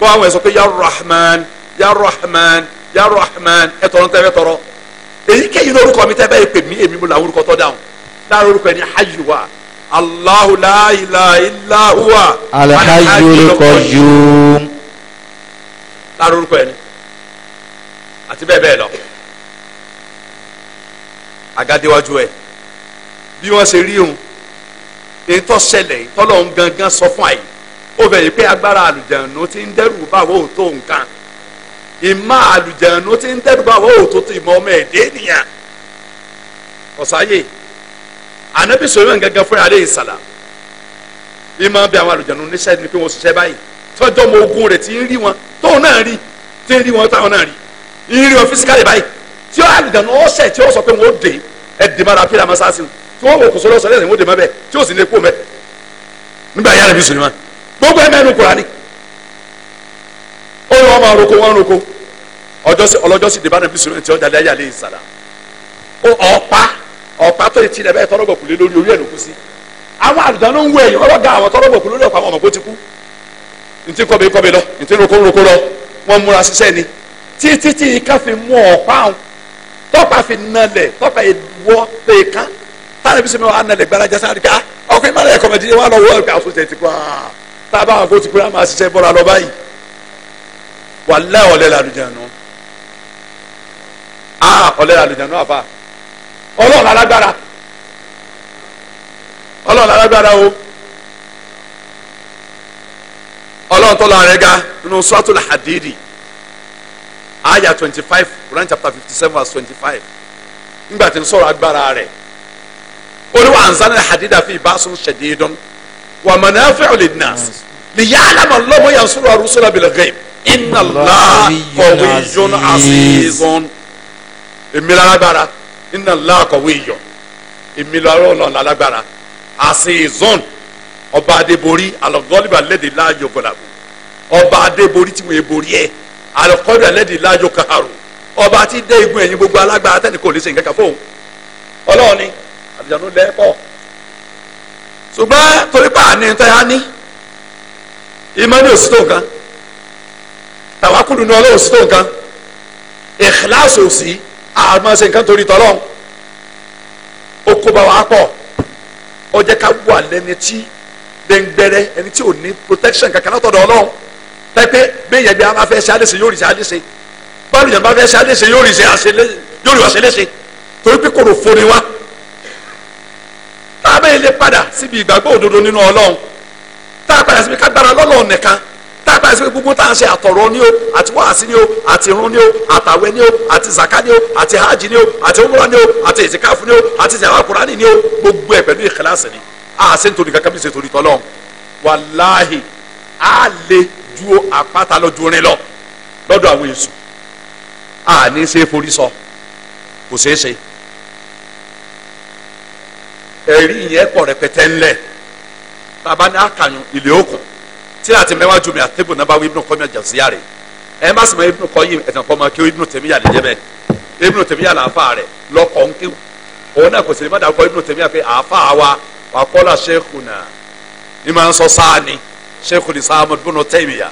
kó àwọn ẹ sọ pé ya Rahman ya Rahman ya Rahman ẹtọ ní tẹfẹ tọrọ èyíkéyìí lórúkọ mi tẹfẹ pè mí èmi mo là orúkọ tọ dáhùn láàrin orúkọ ẹni hayiwa Allahu la ilaha illa huwa alhayyul qayyum lára orúkọ ẹni àti bẹ́ẹ̀ bẹ́ẹ̀ lọ àgádéwájú ẹ bí wọ́n ṣe rí òun èyí tó ṣẹlẹ̀ tọ́lọ̀ ń gangan sọ fún àyè ó bẹ̀rẹ̀ pé agbára àlùjẹ̀nu ti ń dẹ́rù báwo ò tó nǹkan ìmọ̀ àlùjẹ̀nu ti ń dẹ́rù báwo ò tó tó ìmọ̀ ọmọ ẹ̀dẹ́ nìyẹn ọ̀sáyè ànábì sọ̀rọ̀ gangan fúnra alẹ́ ìsàlà ìmọ̀ bí àwọn àlùjẹ̀nu níṣẹ́ ni pé wọ́n ṣiṣẹ́ báyìí tọ́jọ́ ọmọ ogun rẹ ti ń rí wọn tóun náà rí ti ń rí wọn táwọn náà rí ń rí wọn fisikálì báyìí tí ó àlùdànù ọ̀sẹ̀ tí ó sọ pé wọ́n dé ẹ̀dè mara pílà máa sáà sí tí wọ́n wò kò sọ́dọ̀ sọ́dọ̀ ẹ̀sìn wọ́n dè má bẹ́ẹ̀ tí ó sì lè kó nígbà yára gbogbo ẹ̀mẹ́ nu Kùránì ó lọ́ máa roko wọ́n roko ntí kọ́bẹ̀ kọ́bẹ̀ lọ ntí roko roko lọ wọ́n múra ṣiṣẹ́ ni títí tí ika fi mú ọ̀pá àwọn tọ́pà fi nalẹ̀ tọ́pà ìwọ́ tó ìka táwọn ibi sọ mi wà á nalẹ̀ gbaraja sáré pé ah ọkọ ìmọ̀lẹ̀ ẹ̀kọ́ mẹ́tìrì wà lọ́wọ́ ẹ̀ka àfọ̀tẹ̀ ti pa ah, tá a wà fún ti kúrẹ́ àmà ṣiṣẹ́ bọ́ra lọ báyìí wàlẹ́ ọ̀lẹ́ làlùjánu ah ọ̀lẹ́ làlùjánu àfa ọlọ́ọ̀lá lágbára ọlọ́ọ̀lá lágbára o ọlọ́run tọ́lá rẹ̀ ga nínú suratul hadidi aya twenty five Quran chapter fifty seven verse twenty five nígbà tí ń sọ̀rọ̀ agbára rẹ̀ olúwa anzana hadida fi ba'sun shadidun wa manafi'u lin-nas liya'lama Allahu yansuru rusula bil-ghaib inna Allaha qawiyyun 'azizun èmi lálágbára inna Allaha qawiyyun èmi lọ́rọ̀ ọ̀nà lálágbára 'azizun ọba adébórí alọgọlíbà lẹdí láàyò gbọdàbò ọba adébórí tí wọn yé borí ẹ alọkọlíbà lẹdí láàyò kàhàrò ọba tí dé igun ẹyin gbogbo alágbára tẹni kò lè ṣe nǹkan kan fóun Ọlọ́run ni àlùjáde lẹẹpọ ṣùgbọ́n torí pa àní tẹ á ní ìmọ̀ ní òsítọ́ nǹkan tàwákùlù ní Ọlọ́run òsítọ́ nǹkan ìkìláàsì òsì àmọ́ ṣe nǹkan torí tọ́lọ́run ó kó bá wa pọ̀ ó jẹ́ ká wà lẹ́ni tí gbẹngbẹrẹ ẹni tí o ní protection kankan látọ̀dọ̀ ọlọ́run pẹ́pẹ́ bẹ́ẹ̀ yẹn bí a bá fẹ́ ṣe àlẹ́sẹ̀ yóò rí ṣe àlẹ́sẹ̀ báwo yẹn bá fẹ́ ṣe àlẹ́sẹ̀ yóò rí ṣe yóò rí ṣe léṣe torí pé kòrò forí wa tá a bẹ́ẹ̀ lè padà síbi ìgbàgbọ́ òdodo nínú ọlọ́run tá a padà síbi kágbára lọ́lọ́run nìkan tá a padà síbi gbogbo tá a ṣe àtọ̀rọ̀ ni o àti wàásí ni o àti irun ni o àtàwẹ̀ ni o àti zaka ni o àti hajj ni o àti umrah ni o àti ìtìkáfù ni o àti ìtìkáfù ni o gbogbo ẹ̀ pẹ̀lú ìkíláàsì a ah, ṣe nítorí kankan bí ṣe torí tọ́lọ́ wàláhì a lè ju àpáta lọ́dún rin lọ lọ́dọ̀ àwọn èṣù a ní ṣe forí sọ kò ṣeé ṣe ẹ̀rí yẹn pọ̀ rẹpẹtẹ ńlẹ̀ bàbá ní àkànyùn ilé òkun tí a ti mẹ́wàá ju mi àtẹ́bù náà bá wí ibùdó kọ́mí ọjà síyá rẹ̀ ẹ má sì mọ ibùdó kọ́ yìí ẹ̀tàn kọ́ máa kí ibùdó tẹ̀míyà lè jẹ́ bẹ́ẹ̀ ibùdó tẹ̀míyà là ń fa rẹ̀ òun náà kò sì ní má dàgbọ́ ibùdó tẹ̀míyà wa wàkọ́lá sheikhuna ní máa ń sọ sáàni sheikhul islam ibn taymiya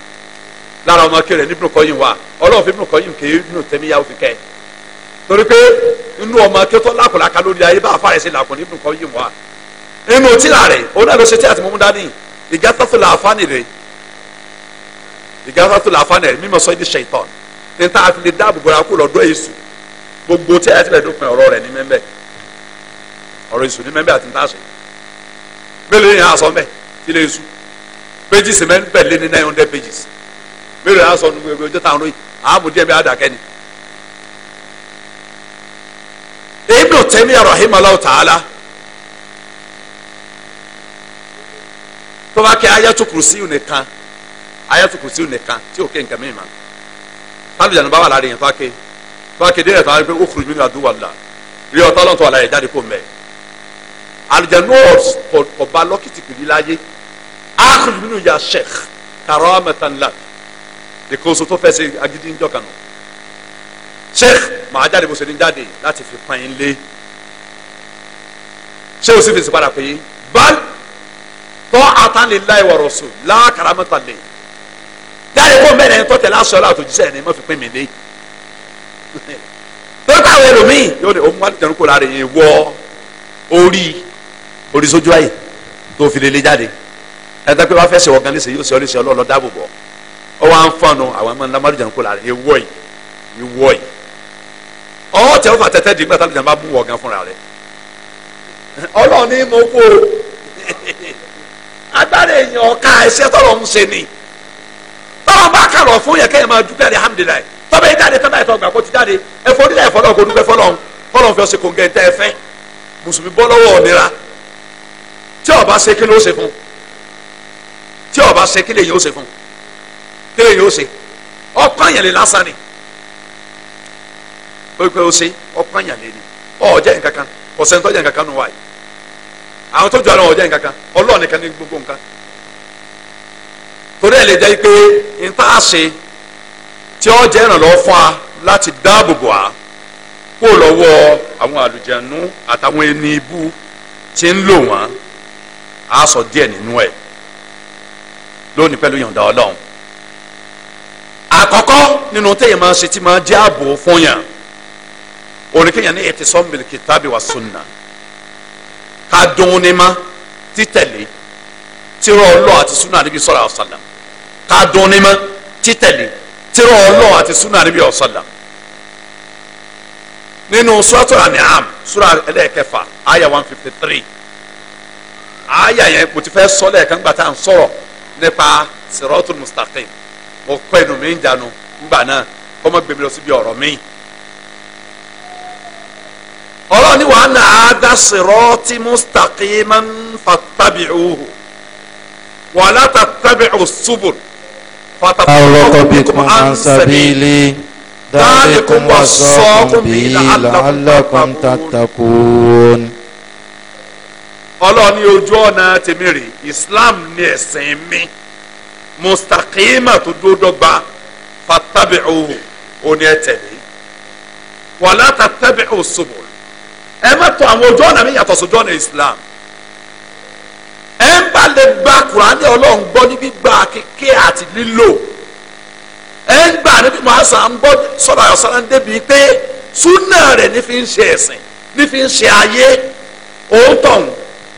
lára ọmọ kí rẹ̀ ní ibn qayyim wa ọlọ́run fi ibn qayyim kì í ibn taymiya ó fi kẹ́ torí pé inú ọmọ akẹ́tọ́ lákùlá kan lórí ayé bá afárẹ̀ sí làkùn ní ibn qayyim wa inú tíra rẹ̀ òun náà ló ṣe tí àti mọ́mú dání ìgátàtò làáfáàní rẹ̀ ìgátàtò làáfáàní rẹ̀ mímọ sọ ẹ́ di ṣèitán níta àfi lè dáàbò bọ̀rọ̀ àkó lọ́dọ̀ èṣù gbogbo tí a ti lè dópin ọ̀rọ̀ rẹ̀ ní mẹ́mbẹ́ ọ̀rọ̀ èṣù ní mẹ́mbẹ́ àti ní táṣe mélòó yẹn asọ mẹ ilé isu pages mẹ bẹ lé ní nine hundred pages mélòó yẹn asọ nùgbẹ ọjọ́ tàn lóyún àmú díẹ̀ bí adàkẹ́ ni. Ibn Taymiyyah rahimahu ta'ala tọ́ba kẹ́ ayatu kùrùsíù nìkan ayatu kùrùsíù nìkan tí o kẹ́ nǹkan mìíràn tálùjáde bá wà láàrin yẹn tọ́ba kẹ́ tọ́ba kẹ́ dé rẹ̀ tọ́ba kẹ́ ó kùrùsíù nìkan dùwà la rí ọ̀tọ́ lọ́tọ̀ àlàyé jáde kó mẹ́ẹ̀ àlùjànnú ọba lọ́kìtìpìlì láyé ákùnrin nínú ya sheikh karamatala ìkóso tó fẹ́ ṣe agídí ńjọ kan nù sheikh màá jáde mo ṣe ní jáde láti fi pan in lé ṣé o sì fi sèpadà pé bal tọ́ atánilá ìwà rọ̀ṣù lákàràmọ́tàlẹ̀ jáde kó mẹ́rin tó tẹ̀lé aṣọ ọ̀la àtòjíṣẹ́ ẹ̀ ní mọ́ fi pín mi lé tó káwé lomi yóò ní òun wá jẹun kó lára yẹn wọ orí oríṣojú ayé tó fi lè lé jáde ẹ̀dá pé wàá fẹsẹ̀ ọ̀gá níṣẹ́ yóò ṣe ọ́lẹ́ṣẹ́ ọlọ́ọ̀lọ́ dáàbò bọ̀ ọ wá ń fọnù àwọn ọmọ ńlá márùjàn kó lára ewọ́ yìí ewọ́ yìí ọ̀ tẹ ọ̀fà tẹ́tẹ́ dì nígbà tálùjàn bá bú ọ̀gán fúnra rẹ̀ ọlọ́ọ̀ni mo kú o agbára èèyàn ọ̀ka ẹ̀ṣẹ́ tọ́lọ̀ ń ṣe ni tọ́lọ̀ bá kàrọ̀ fún yẹn kẹ́yìn máa dúpẹ́ alihamudulilayi tọ́bẹ̀ yìí jáde tọ́lá ìtọ́gbà kó ti jáde ẹ̀fọ́ onílẹ̀ ẹ̀fọ́ náà kó dúpẹ́ fọlọ́n fọlọ́n fi ọ̀sẹ̀ kò ń gẹ̀ ń tẹ́ ẹ fẹ́ mùsùlùmí bọ́ lọ́wọ́ ọ̀nira tí ó bá ṣe kí ló ṣe fún tí ó bá ṣe kí lèyìn ó ṣe fún kí lèyìn ó ṣe ọkọ àyànlè lásán ni pépé ó ṣe ọkọ àyànlè ni ọ̀ọ́jẹ́ nǹkan kan ọ̀sẹ̀ntọ́jẹ́ nǹkan kan nù wáyé àwọn tó ju ara wọn ọ̀jẹ́ nǹkan kan Ọlọ́run nìkan ní gbogbo nǹkan torí ẹ̀ lè jẹ́ pé n tá a ṣe tí ó jẹ́ ìrànlọ́wọ́ fún wa láti dáàbò bò á kó lọ́wọ́ àwọn àlùjànnú àtàwọn ẹni ibú tí ń lò wọ́n a sọ díẹ̀ nínú ẹ̀ lónìí pẹ̀lú yọ̀ǹda ọlọ́run àkọ́kọ́ nínú téèyàn máa ṣe tí máa jẹ́ ààbò fún yàn oníkéèyàn ní ètè sọ́mbìlì kìtàbí wa sunna ká dún ní ma títẹ̀lé tírọ̀ ọlọ́ àti sunna níbi sọ́ra ọ̀sàlà ká dún ní ma títẹ̀lé tírọ̀ ọlọ́ àti sunna níbi ọ̀sàlà nínú suratul an'am sura ẹlẹ́ẹ̀kẹfà àyà one fifty three àáyà yẹn mo ti fẹ́ sọ lẹ́ẹ̀kan gbà tá à ń sọ̀rọ̀ nípa siratul mustaqim mo kọ́ ẹnu mi ń dànù ńgbà náà kọ́ mọ́ gbèmí lọ síbi ọ̀rọ̀ mi. ọlọ́run ni wàá nà á dá sirati mustaqiman fattabi'uhu wa la tattabi'u subul fatafarraqa an sabili dhalikum wasakum bihi la'allakum tattaqun ọlọ́run ní ojú ọ̀nà tèmi rè islam ní ẹ̀sìn mi mustaqima tó dúró dọ́gba fattabi'uhu òní ẹ tẹ̀lé wala tattabi'u subul ẹ má tọ̀ àwọn ojú ọ̀nà mi yàtọ̀ sójú ọ̀nà islam ẹ ń bá lè gba kùránì ọlọ́run gbọ́ ní gbígbà kékeré àti lílò ẹ ń gbà níbi màásà ń gbọ́ sọ̀rọ̀ àyọ̀sára ń débi pé súnà rẹ̀ ní ń ṣe ẹ̀sìn ní ń ṣe ayé òótọ́ òun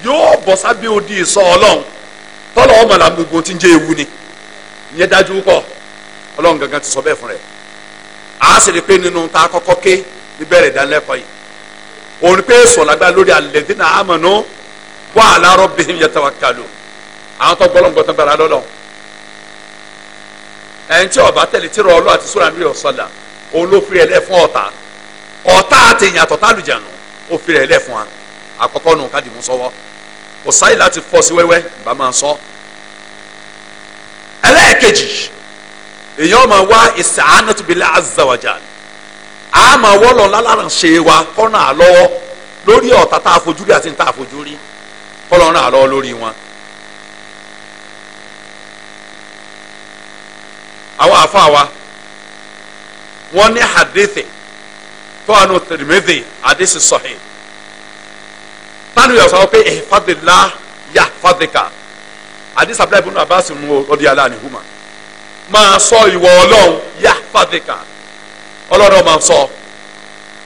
yóò bọ̀ sábẹ́ odi ìsọ ọlọ́run tọ́lọ̀ ọmọ làwọn gbogbo ti ń jẹ́ ewu ni ìyẹn dájú pọ̀ ọlọ́run gangan ti sọ bẹ́ẹ̀ fún rẹ̀ a sì rí i pé nínú ta kọ́kọ́ ké níbẹ̀rẹ̀ ìdánilẹ́kọ̀ọ́ yìí òun pé sọ̀lágbá lórí alladhina amanu wa ala rabbihim yatawakkalu àwọn tó gbọ́lọ́ gbọ́tàn bára lọ́lọ́ ẹni tí ọba tẹ̀lé tí rọ ọlọ́ àti sọ́ra mi ọ̀sọ́là òun ló fi ẹlẹ́ fún ọ̀tá ọ̀tá àti ìyàtọ̀ tálùjànù ó fi ẹlẹ́ fún wa àkọ́kọ́ nù ká dìmú sọ́wọ́ kò sáyè láti fọ́ sí wẹ́wẹ́ ìbá máa sọ. ẹlẹ́ẹ̀kejì èèyàn máa wá ìsàánàtú billah azza wa jal a máa wọ́lọ̀ lálàrán ṣe wa kọ́nà àlọ́wọ́ lórí ọ̀tá tá a fojú rí àti ní tá a fojú rí kọ́nà àlọ́wọ́ lórí wọn. àwọn àfa wa wọ́n ní hadithi tó àánú Tirmidhi hadisi sahih sanu yẹ sọ pé ẹ eh, fadela ya fadeka àdìsá abúlé bunu abasi mu ọdí alá ni huma máa sọ ìwọ Ọlọ́run ya fadeka Ọlọ́run eh, máa sọ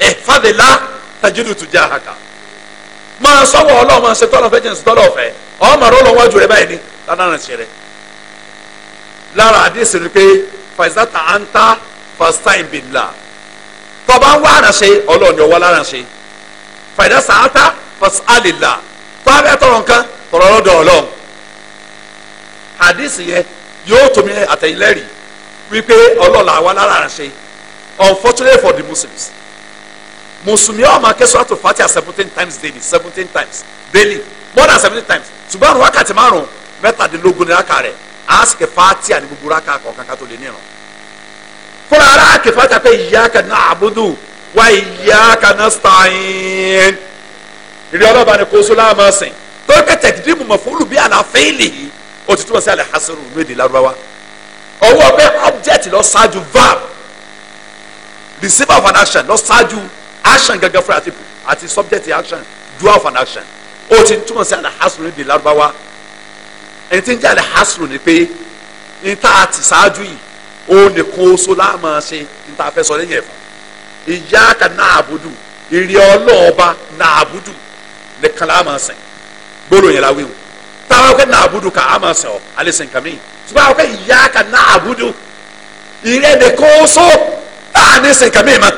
ẹ fadela tajidu tujà haka máa sọ wọ Ọlọ́run máa ṣe tọlọ fẹ jẹnsi tọlọ fẹ ọmọ rẹ Ọlọ́run wájú rẹ báyìí ni lánàá rẹ ṣe rẹ lára àdìsí ni pé fàìsàtà à ń ta fàṣtàìn bìlà tọba ń wá àrànṣe Ọlọ́run yọ wá lárànṣe fàìdá sàátà fasalila fáfẹ́ tọrọ nǹkan tọrọ lọ́dọ̀ ọlọ́run hadith yẹn yóò tó mi àtẹ̀yìnlẹ́rìí wípé ọlọ́la àwa lára ṣe unfortunately for the muslims mùsùlùmí ọmọ akẹ́sọ́ àti fatia seventeen times daily seventeen times daily more than seventeen times ṣùgbọ́n wákàtí márùn-ún mẹ́tàdínlógún ní raka rẹ̀ àásìkè fatia ní gbogbo raka kọ̀ọ̀kan ká tó lè níran fúnra ara kẹfà kàpẹ́ iyyaka na'budu wa iyyaka nasta'in ìrì ọlọ́ba ni kò sólà máa sìn tó kẹtẹ kìdí mu mọ̀ fún olùbí àlàfẹ́ lè o ti túmọ̀ sí alẹ́ hasanu ìlú èdè Lárúbáwá ọwọ́ pé object lọ ṣáájú verb receiver of an action lọ ṣáájú action gẹ́gẹ́ fún àti àti subject action doer of an action o ti túmọ̀ sí alẹ́ hasanu ìlú èdè Lárúbáwá ẹni tí ń jẹ́ alẹ́ hasanu ni pé ní tá a ti ṣáájú yìí ó ní kó sólà máa ṣe ní tá a fẹ́ sọ lẹ́yìn ẹ̀fọ́ ìyá kan náà àbùdù ìrì ọlọ́ọ̀ba náà àbùdù nìkan e. e la máa sìn gbólóyìn la wíwò táwọn akẹ́ náà abudu ká a máa sìn ọ alẹ́ sìn kàmí ṣùgbọ́n àwọn akẹ́ ìyá ka náà abudu ìrẹ́ nìkan so táà ní sìn kàmí ma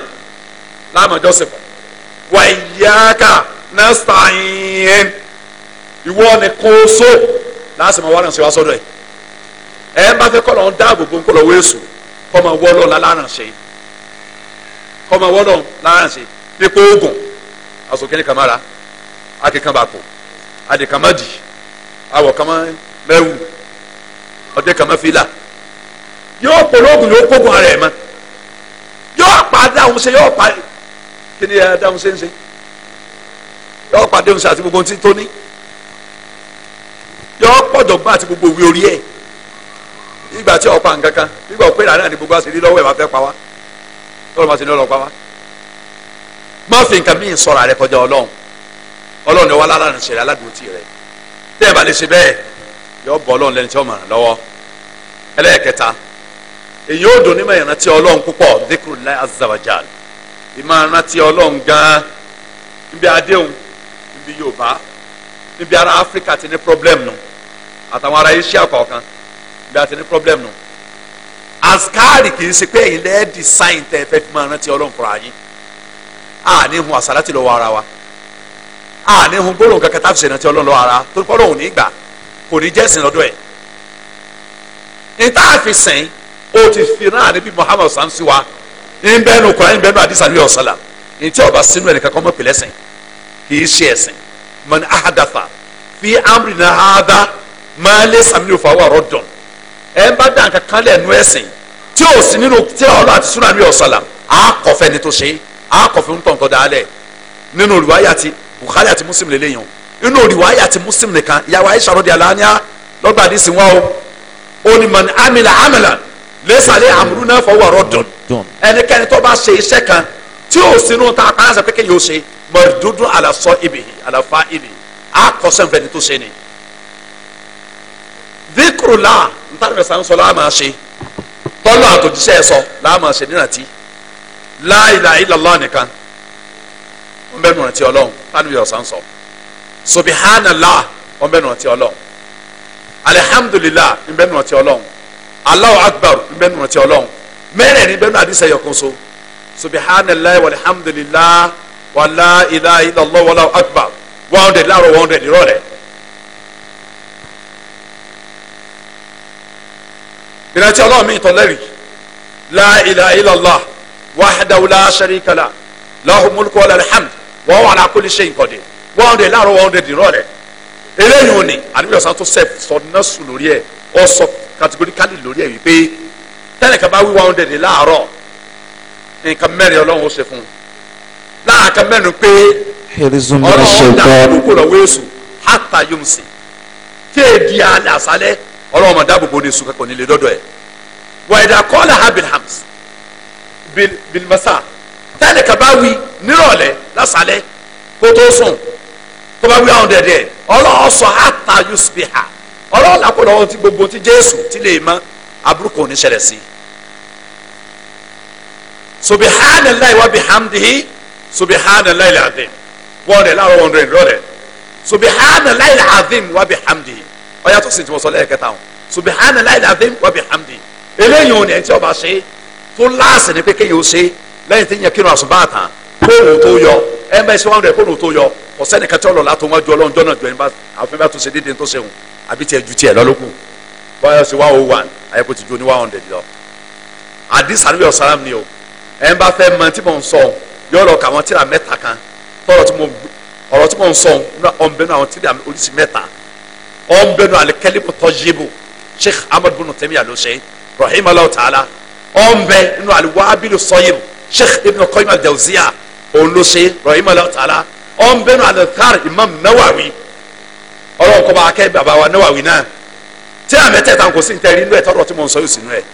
láàmú joseph wà ìyá ka náà sàn ìwọ nìkan so láti mọ wàrán sí wa sọ́dọ̀ ẹ ẹ bá fẹ́ kọlọ ń dáàbò bò ń kọlọ wéésù kọmọ wọlọ lálàrán ṣe kọmọ wọlọ lálàrán ṣe ipò oògùn àsòkè ní kàmára akekan baako adekama di awọ kama mẹwu ọdẹ kama fila yóò polóògùn yóò kógun ara ẹ ma yóò pa adáhùn ṣe yóò pa kí ni adáhùn ṣe ń ṣe yóò pa adáhùn ṣe àti gbogbo ohun tó ní yóò pọ̀jọ̀ bá àti gbogbo ìwé orí ẹ̀ ìgbà tí ọ̀pá nkankan nígbà òpè ìlànà ni gbogbo àṣírí lọ́wọ́ ẹ̀ máa fẹ́ pa wá lọ́wọ́ máa ṣe ní ọlọ́pàá wá má fi nǹkan míì sọ̀rọ̀ àrẹ kọjá ọlọ́run ọlọ́run ni wọ́n lálàrin ṣẹlẹ̀ aládùn tì rẹ̀ tẹ́ ẹ bá lè ṣe bẹ́ẹ̀ yọ bọ́ ọlọ́run lẹ́ni tí wọ́n mọ̀ ràn lọ́wọ́ ẹlẹ́ẹ̀kẹta èyí ó dùn nímọ̀ ìrántí ọlọ́run púpọ̀ dhikrullahi azza wa jal ìmọ̀ ìrántí ọlọ́run gan-an níbi adéhùn níbi yorùbá níbi ará áfíríkà ti ní pọ́blẹ́mù nù àtàwọn ará asia kọ̀ọ̀kan níbi àti ní pọ́blẹ́mù nù azkari kì í ṣe pé ilẹ̀ ẹ́ di sáyìn tẹ́ ẹ fẹ́ fi máa rántí ọlọ́run fúnra yín àní hun àsálàtì lọ́wọ́ ara wa àní hun gbólóhùn kankan tá a fi ṣe ìrántí ọlọ́run ara tó kọ́ lóhùn nígbà kò ní jẹ́sìn lọ́dọ̀ ẹ̀ ní tá a fi sìn ó ti fi rán àníbi Muhammad sansi wa ní bẹ́ẹ̀nu kura ní bẹ́ẹ̀nu àdìsá ní ọ̀sán ní tí ọba sínú ẹnìkan kọ́ mọ́ pèlẹ́ sìn kì í ṣe ẹ̀sìn mọ ní ahadatha fi amri na hada máa lé sami òfò àwọn ọ̀rọ̀ dùn ẹ̀ ń bá dàn kankan lẹ́nu ẹ̀sìn tí ò sí nínú tí ọlọ́ àti súnà ní ọ̀sán la àkọ́fẹ́ ni tó ṣe àkọ́fẹ́ ń tọ̀ǹtọ̀ dáálẹ̀ nínú olùwáyà ti bukhari àti muslim lè léyìn o inú òrìwáyà àti muslim nìkan ìyàwó aisha rọdí aláníà lọgbà àdìsí wọn o ó ní mọ amila amila lẹsàlẹ àmúrú náà fọwọ́ ọ̀rọ̀ dùn ẹnikẹ́ni tó bá ṣe iṣẹ́ kan tí yóò sinú ta aláṣẹ pé kéèyàn ó ṣe mọ̀rìndúndú àlàsọ ibì àlàfà ibì àkọsẹ́ nfẹ̀ni tó ṣe ni. dhikrullah ntàdàbẹ̀ sànsọ la máa ṣe tọ́lọ́ àtòjíṣẹ́ sọ la máa ṣe nínàtí la ilaha nìkan wọn bẹ nùrọ̀ tí ọlọ́run lánàá bí ọ̀sán sọ subhanallah wọn bẹ nùrọ̀ tí ọlọ́run alihamdulilah n bẹ nùrọ̀ tí ọlọ́run alahu akbar n bẹ nùrọ̀ tí ọlọ́run mẹ́rẹ̀ẹ̀rin bẹ nù àdìsẹ́ so subhanallah walhamdulilah wala ilaha illallah wala akbar one hundred láàárọ̀ one hundred ìrọ̀lẹ́. ìrántí ọlọ́run mi ìtọ́lẹ́rì la ilaha illallah wahdahu la sharika lah lahu wọ́n wà lákòlè ṣe ìkọ̀dé one hundred láàárọ̀ one hundred ìrọ̀lẹ́ eléyìí ò ní àdébíyàn sàn tó sẹ́f sọ nọ́ọ̀sù lórí ẹ̀ ọ sọ kàtìgóríkálì lórí ẹ̀ wípé tẹ́lẹ̀ kan bá wí one hundred láàárọ̀ nǹkan mẹ́rin ọlọ́run ó ṣe fún un láàkà mẹ́rin pé ọlọ́run dàbò kò lọ́wọ́ èso hàtà yóò sè kéèdì alẹ́ àṣálẹ́ ọlọ́run máa dáàbò bò ní èso kankan nílé dọ́dọ̀ ha bilhams bilmasa tẹ́lẹ̀ kan bá wí nírọ̀lẹ́ lásàlẹ̀ kó tó sùn tó bá wí àwọn dẹ̀dẹ̀ ọlọ́run sọ hatta yusbiha ọlọ́run làkó lọ́wọ́ ti gbogbo ti jésù ti lè mọ aburúkọ ò ní ṣẹlẹ̀ sí. subhanallahi wa bihamdihi subhanallahi alazim wọ́n rẹ̀ láàárọ̀ wọ́n rẹ̀ lọ́rẹ̀ subhanallahi alazim wa bihamdihi ọ̀yà tó sì ti wọ́n sọ lẹ́ẹ̀kẹta wọn subhanallahi alazim wa bihamdihi eléyìí ò ní ẹ̀ ń ọba ṣe tó láàsì ní pé kéèyàn ó ṣe lẹ́yìn tí ń yẹ kírun àsùbá tán fóònù tó yọ ms one hundred fóònù tó yọ ọ̀sẹ́ni kẹtẹ́ ọlọ́lá tó wọ́n ju ọlọ́run jọ́nà jọ ẹni bá àfẹ́ bá tó ṣe déédéé tó ṣeun àbí tiẹ̀ ju tiẹ̀ lọ́lọ́kù báyọ̀ sí one oh one ayẹ́pọ̀ ti ju ní one hundred lọ. àdìs àníbi ọ̀sán ni o ẹ̀ ń bá fẹ́ mọ tí mò ń sọ yọ ọ̀rọ̀ kà wọ́n tíra mẹ́ta kan tọ́rọ̀ tí mo ọ̀rọ̀ tí mò ń sọ ọ̀nbẹ́nu àwọn tíra oríṣi mẹ́ta ọ̀nbẹ́nu alikẹ́lẹ́mù tọ́jìbù Sheikh Ahmad bin Taymiyyah ló ṣe rahimahullah ta'ala ọ̀nbẹ́ nínú aliwabilu sọ́yìn Sheikh Ibn Qayyim al-Jawziyah òun ló ṣe rahimahullah ta'ala ọ̀n bẹ́nu al-Adhkar imam Nawawi ọlọ́run kọ́ bá akẹ́ bàbá wa Nawawi náà tí àmì ẹ̀tẹ̀ẹ̀ta kò sí ní tẹ̀rí inú ẹ̀ tọ́rọ̀ tí mo ń sọ yóò sí inú ẹ̀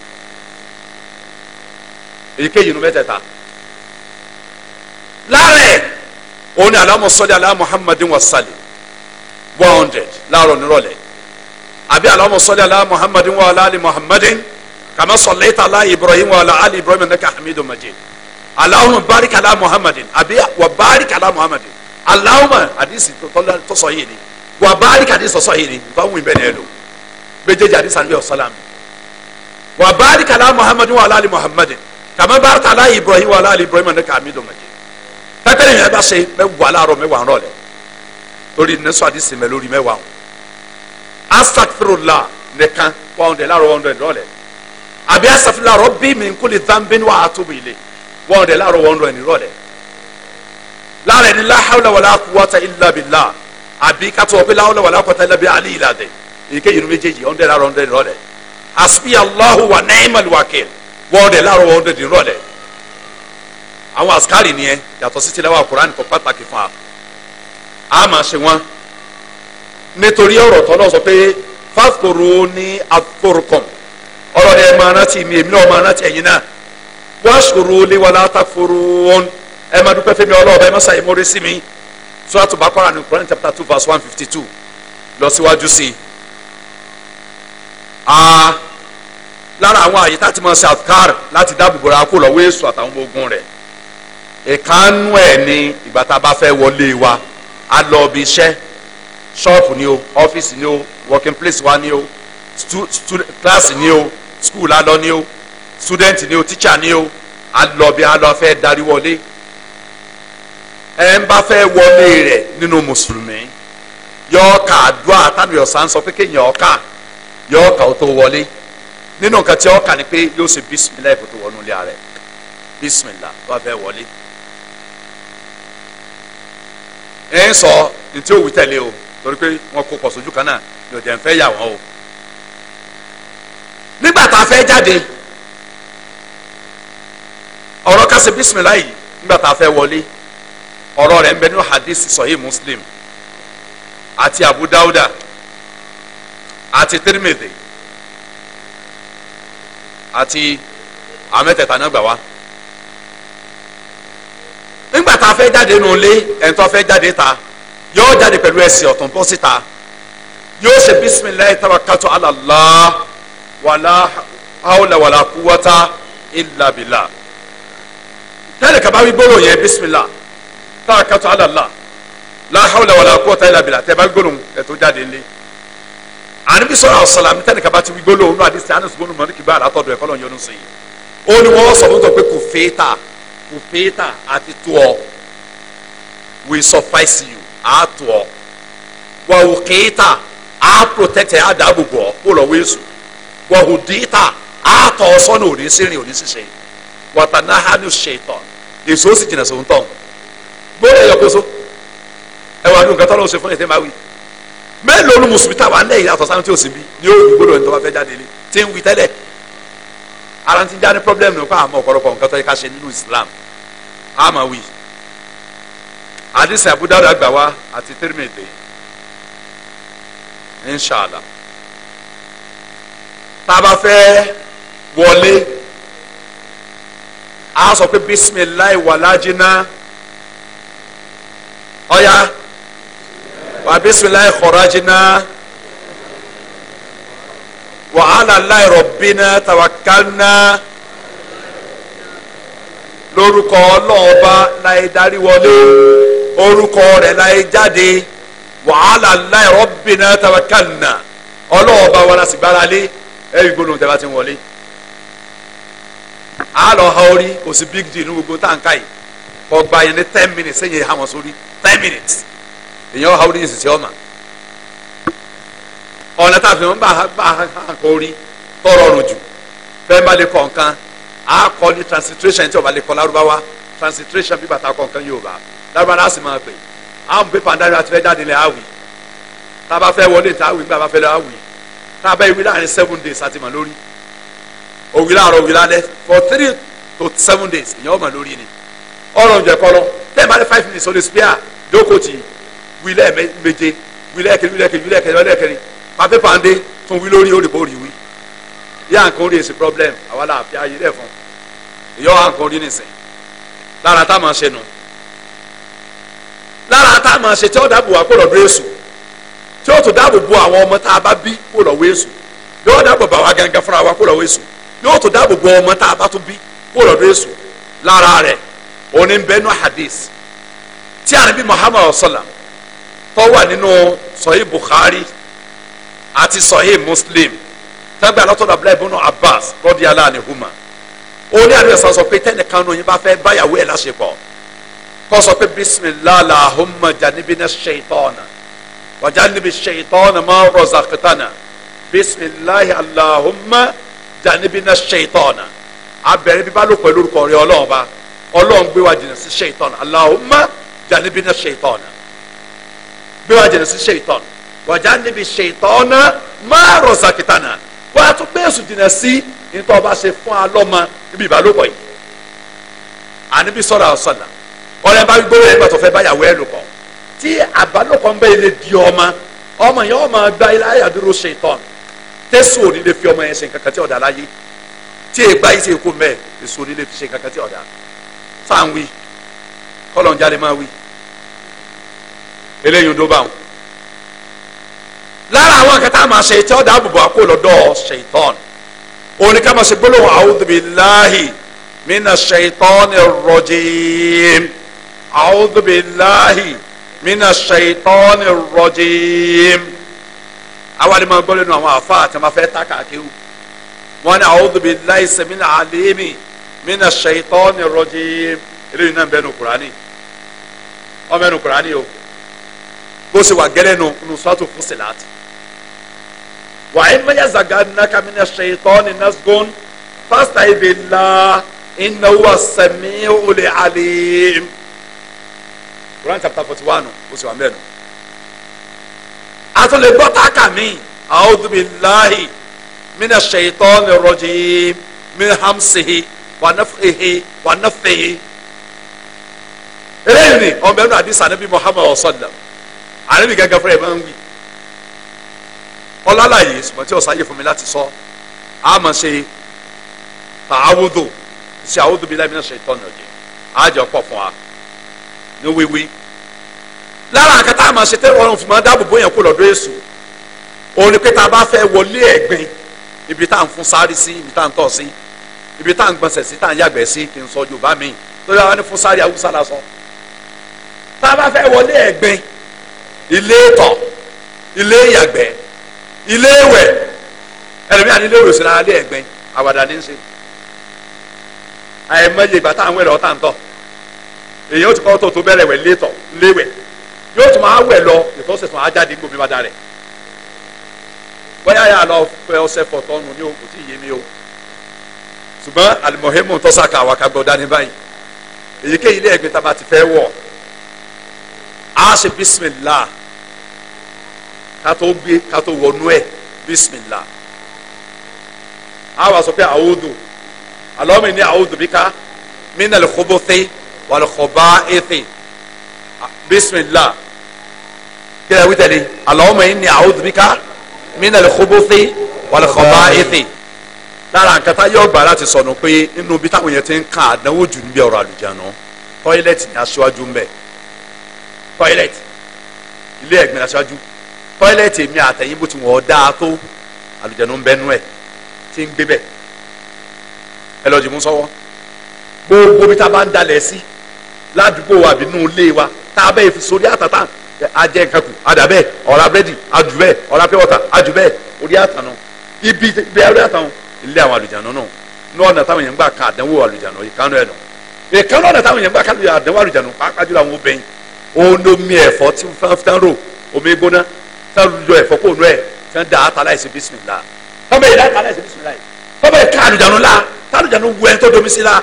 èyíkéyìí inú mẹ́tẹ̀ẹ̀ta lára ẹ̀ òun ni Allahumma salli ala Muhammadin wa sallim one hundred láàárọ̀ nírọ̀lẹ́ àbí Allahumma salli ala Muhammadin wa ala Muhammadin kama sallaita ala Ibrahim wa ala Ibrahim innaka hamidun majid alahuma barika ala muhammadin àbí wa barika ala muhammadin alahuma hadisi tọsọ yìí ni wa barika hadisi tọsọ yìí ni nfa wù bẹ́ẹ̀ ni ẹ lò méjèèjì hadisi àbí ọ̀sálàmù wa barika ala muhammadin wa alali muhammadin kàmá barika ala ibrahim wa alali ibrahim ní kàmí dòmọ̀jì pẹ́pẹ́rẹ́ yẹn bá ṣe mẹ́wàá láàárọ̀ mẹ́wàá rọ̀ lẹ̀ lórí nẹ́sọ̀ hadisi mẹ́ lórí mẹ́wàá wọn astagfirullah nìkan wọ́n dẹ̀ láàárọ̀ wọ́n dẹ̀ rọ̀ lẹ̀ àbí astagfirullah rabbi min kulli dhanbin wa atubu ilayh one hundred láàárọ̀ one hundred nírọ̀lẹ́ láàárọ̀ ẹni láhàúlà wàlá quwwata illa billah àbí kátó ọ̀pẹ láhàúlà wàlá quwwata illa billah alẹ́ ìlàdẹ̀ èyíkéyìí inú méjèèjì one hundred láàárọ̀ one hundred nírọ̀lẹ́ hasbi allahu wa ni'mal wakil one hundred láàárọ̀ one hundred nírọ̀lẹ́ àwọn àsikárì nìyẹn yàtọ̀ sí tilawa Kùránì kò pàtàkì fún wa a máa ṣe wọn nítorí ọ̀rọ̀ tọ́lọ́ sọ pé fáforò ní afórukọ̀m ọ̀rọ̀ ẹ̀ máa rántí mi èmi náà máa rántí ẹ̀yin náà washkuru li wala takfurun ẹ máa dúpẹ́ fẹ́mi ọlọ́ọ̀bẹ ẹ má ṣàyẹ̀ mọ́rí sí mi Suratul Baqara ní Quran chapter two verse one fifty two lọ síwájú sí i. a lára àwọn àyè tá a ti máa ṣe àkàr láti dáàbò bora kó lọ́wọ́ èso àtàwọn ogun rẹ̀ ìkànnú ẹ̀ ni ìgbà tá a bá fẹ́ wọlé wa a lọ ibi iṣẹ́ ṣọ́ọ̀pù ni o ọ́fíìsì ni o working place wa ni o kíláàsì ni o skul alọ ni o student ni o teacher ni o alọbi alọ fẹ́ darí wọlé ẹ ń bá fẹ́ wọlé rẹ̀ nínú mùsùlùmí yọọka àdúrà tàbí ọ̀sán sọ pé kéèyàn ọ̀ka yọọka ò tó wọlé nínú nǹkan tí ọ̀ka ni pé yóò ṣe bisimilayi kò tó wọnú ilé rẹ̀ bisimilayi wà fẹ́ wọlé ẹ ń sọ ní tí ó wí tẹ̀lé o torí pé wọn kó pọ̀ sójú kan náà ní òde ń yà wọ́n o nígbà tá a fẹ́ jáde ọ̀rọ̀ ká ṣe bisimilahi yìí nígbà tá a fẹ́ wọlé ọ̀rọ̀ rẹ̀ ń bẹ nínú hadith sahih muslim àti abu dauda àti tirimidi àti amẹ́tẹ̀ẹ̀ta náà gbà wá nígbà tá a fẹ́ jáde nù lé ẹ̀ńtọ́ fẹ́ jáde ta yóò jáde pẹ̀lú ẹsẹ̀ ọ̀tún bọ́ síta yóò ṣe bisimilahi tawakkaltu ala Allah wàlá hawla wàlá quwwata illa billah tẹ́lẹ̀ kaba wí gbólóò yẹn bisimilá tá a kàtó alàlá láhàwùlà wàlà kó tá ilà bìlà tẹ́ bá gbólóò ẹ̀tọ́ jáde lé ànibi sọ̀rọ̀ àṣàlà mi tẹ́lẹ̀ kaba ti wí gbólóò nù àdìsí àná sùgbọ́n mọ̀ nígbà àlátọ́ dọ̀ ẹ̀kọ́ lọ́n yọnu sí i ó ní wọ́n sọ fún pé kò fèéta kò fèéta àti tó ọ we suffice you àá tó ọ wà ò kééta àá protect ẹ àá dáàbò bọ̀ òní sírìn òní sísè wàtà náà èso ó sì jìnnà sóhun tọ̀ gbóòrò ẹ̀yọ kóso ẹwà ní nǹkan tọ́lọ́ ṣe fún ẹ̀tẹ́ máa wí mélòó ni mùsùlùmí táwa ń lẹ́yìn àtọ̀ sáwọn tí ò sí bí ni ó wù gbóòrò ẹni tó bá fẹ́ jáde lé tí ń wí tẹ́lẹ̀ ara ti ń já ní pọ́blẹ́mù nípa àmọ́ ọ̀pọ̀lọpọ̀ nǹkan tó yẹ ká ṣe nínú Islam àmọ́ wí àdìsí Abu Dawud àgbà wa àti Tirmidhi inshallah tá a bá fẹ́ wọlé a sọ pé bisimilayi wàlájínà ọ̀ya wà bisimilayi kọ̀rájínà wà alàlàyé rọ̀bìnà tàwákàlnà lórúkọ ọlọ́ọ̀ba láì darí wọlé orúkọ rẹ̀ láì jáde wà alàlàyé rọ̀bìnà tàwákàlnà ọlọ́ọ̀ba wọn a sì gbára ti wọlé a lọ ha orí kò sí big deal ní gbogbo táǹkà yìí ọgbà yẹn ní ten minutes ẹ̀yìn ha wọn sórí ten minutes èyàn ha orí yìí sì sí ọmọ ọ̀nà tá a fi wọn bá a kọ orí tọrọ ọrùn jù fẹ́ẹ́ bá lè kọ nǹkan a kọ ní transitration tí o bá lè kọ lárúbáwá transitration bí bàtà kọ nǹkan Yorùbá lárúbáwá náà sì máa pè àwọn pépà dájú àti fẹ́ lẹ́ àwì tá a bá fẹ́ wọlé tá a wì bí bá fẹ́ lọ́ àwì tá a bá ìwé láàrin seven days àti mà lórí òwì láàárọ̀ òwì lálẹ́ for three to seven days ìyẹn ọmọ lórí ni ọrọ̀ oúnjẹ kọ́ lọ lẹ́yìn bá five minutes ó lè spare jókòó tì wí lẹ́ẹ̀méje wí lẹ́ẹ̀kejì wí lẹ́ẹ̀kejì wí lẹ́ẹ̀kejì wí lẹ́ẹ̀kejì pàpẹ́ pàǹdé tún wí lórí òrìbórì wí yá nǹkan orí èsì problem àwa là fi ayé lẹ̀ fún ìyọ́ wa nǹkan orí nìsín lára tá a máa ṣe nù lára tá a máa ṣe tí ó dáàbò wá kó lọ́dún èṣù tí ó tún dáàbò bo àwọn ọmọ tá a bá bí kó lọ́wọ́ èṣù yóò dáàbò bá wa gangan fúnra wa kó lọ́wọ́ èṣù yóò tó dáàbò bo ọmọ tá a bá tún bí kó lọ́dún èso lára rẹ̀ òní ń bẹ́nu hadith tí ànábì muhammadu sallam tó wà nínú sọ̀hí bukhari àti sọ̀hí muslim tẹ́gbẹ́ alátọ́dọ̀ abúlé ibùnú abbas rọ́dí aláàánihuma ó ní àdúrà sọ sọ pé tẹ́nìkan nù yín bá fẹ́ báyàwó ẹ̀ láṣepọ̀ kọ́ sọ pé bisimilahi lahumma janibina shaitana wàjanibi shaitana ma razaqtana bisimilahi allahumma janibina ṣètọ́nà abẹ́rẹ́ bíbá ló pẹ̀lú orúkọ rẹ ọlọ́run ba ọlọ́run gbé wa jìnnà sí ṣètọ́nà Allahumma janibina ṣètọ́nà gbé wa jìnnà sí ṣètọ́nà wa janibi ṣètọ́nà máa rọ̀ sàkìtànà wọ́n á tún gbé èṣù jìnnà sí nítorí ọba ṣe fún alọ́mọ ibi ìbálòpọ̀ yìí ànibi sọ̀rọ̀ àṣàlà ọ̀rẹ́ bá gbówó ẹ̀ gbàtọ̀ fẹ́ báyàwó ẹ̀ lòpọ̀ tí àbálòpọ̀ ń bẹ́ ilé di ọmọ ọmọ yẹn ọmọ gba ilé ayàdúró ṣètọ́nà tẹ́sù òní lè fi ọmọ yẹn ṣe nǹkan kan tí ọ̀dà láyé tí ègbá yìí ṣe kó mẹ́ẹ̀ tẹ́sù òní lè fi ṣe nǹkan kan tí ọ̀dà fáwọn wí kọ́lọ̀ ń jáde máa wí eléyìí ló bá wọn. lára àwọn nǹkan tá a máa ṣe tí ọ̀dà àbùbọ̀ àkó lọ́dọ̀ ṣèitán òní ká máa ṣe gbólóhùn a'udhu billahi minash shaitanir rajim a'udhu billahi minash àwa lè máa gbọ́ lẹ́nu àwọn àfa àti máa fẹ́ ta kàkéwù wọn ni a'udhu billahi samina alimi mina shaitani rajim eléyìí náà bẹ́ẹ̀ nu kùránì ọmọ ẹnu kùránì o bó ṣe wà gẹ́lẹ́ nu nùsọ́tò Fussilat wà á mẹ́yà zagannaka mina shaitani nasgun fasta'idh billah inna huwa sami'ul alim kùránì chapter forty one o ṣe wà mẹ́ẹ̀ nu àtúnlẹ̀ gbọ́ táàkà mi a'udhu billahi mina shaytani rajim min hamsihi wa nafihi wa nafihi. eléyìí ni ọmọ ẹnu àdìsá níbi Muhammad ọ̀sọ́dà àrẹ́bí gẹ́gẹ́ fúnra ẹ̀ máa ń wí. ọlọ́láyè ṣùgbọ́n tí ọ̀sán yẹ fún mi láti sọ á máa ṣe ta'awudhu mina shaytani rajim á jẹ́ ọ̀pọ̀ fún wa ní wíwí lára nǹkan tá a máa ṣe tẹ́ ọlọ́run fi máa dáàbò bóyá kó lọ́dọ̀ èṣù òun ni pé tá a bá fẹ́ wọlé ẹ̀gbin ibi tá à ń fún sáré sí ibi tá à ń tọ̀ sí ibi tá à ń gbọ̀nsẹ̀ sí tá à ń yàgbẹ́ sí kí n sọ yorùbá mi lórí àwọn ní fún sáré haúsá la sọ tá a bá fẹ́ wọlé ẹ̀gbin ilé tọ̀ ilé yàgbẹ́ ilé ìwẹ̀ ẹlòmíà ní ilé ìwòsàn ara lé ẹ̀gbin àwàdà ní í ṣe àìmọye ìgbà tá à ń wẹ̀rẹ̀ ọ̀tá ń tọ̀ èyí ó ti kọ́ tó tó bẹ̀rẹ̀ yóò tún máa wẹ̀ lọ ìtọ́ sẹ̀tún á jáde gbòmí bá darẹ̀ bóyá yà lọ fẹ ọsẹ fọtọnù ní òkú tí yé mi o ṣùgbọ́n alimọ̀hẹ́mù tọ́sàkà àwọn akagbọ́ dání báyìí èyíkéyìí ilé ẹ̀gbẹ́ taba ti fẹ́ wọ̀ á ṣe bisimilá kátó gbé kátó wọnú ẹ̀ bisimilá á wà sọ pé àwòdù àlọ́mì ní àwòdù ká mí lè kóbó fẹ́ wà lè kọ́ bá é bisimilah kílẹ̀ wí tẹ̀lé Allahumma inni a'udhu bika minal khubuthi wal khaba'ithi lára nǹkan tá yọ̀ gbà láti sọnù pé nínú bí táwọn yẹn ti ń kan àdánwò jù níbi ọ̀rọ̀ àlùjáná tọ́ílẹ̀tì ní aṣáájú mbẹ́ tọ́ílẹ̀tì ilé ẹ̀gbìn ní aṣáájú tọ́ílẹ̀tì èmi àtẹ̀yìn bó ti wọ̀ dáa tó àlùjáná ń bẹ́ nú ẹ̀ ti ń gbé bẹ̀ ẹ lọ́ọ́ jù mú sọ́wọ́ gbogbo bí tá a bá ń dalẹ̀ sí ládùúgbò wa àbí nínú ilé wa tá a bẹ́ẹ̀ fi sórí àtàtà ajẹ́ nǹkan kù àdàbẹ́ ọ̀rá búrẹ́dì àjùbẹ́ ọ̀rá pure water àjùbẹ́ orí àtànà ibi ibi orí àtànà ilé àwọn àlùjáná náà ní ọ̀nà táwọn yẹn ń gbà ká àdánwò àlùjáná ìkànnì ẹ̀ nù ìkànnì ọ̀nà táwọn yẹn ń gbà ká àdánwò àlùjáná pàápàá jùlọ àwọn obìnrin òun ló mi ẹ̀fọ́ tí wọ́n fi tán rò omi gbóná tán lọ ẹ̀fọ́ kó nù ẹ̀ tí wọ́n da ata láìsí bisimilá tọ́bẹ̀ yìí láta láìsí bisimilá yìí tọ́bẹ̀ yìí ká àlùjáná la tá àlùjáná wù ẹ́ tó domi sí la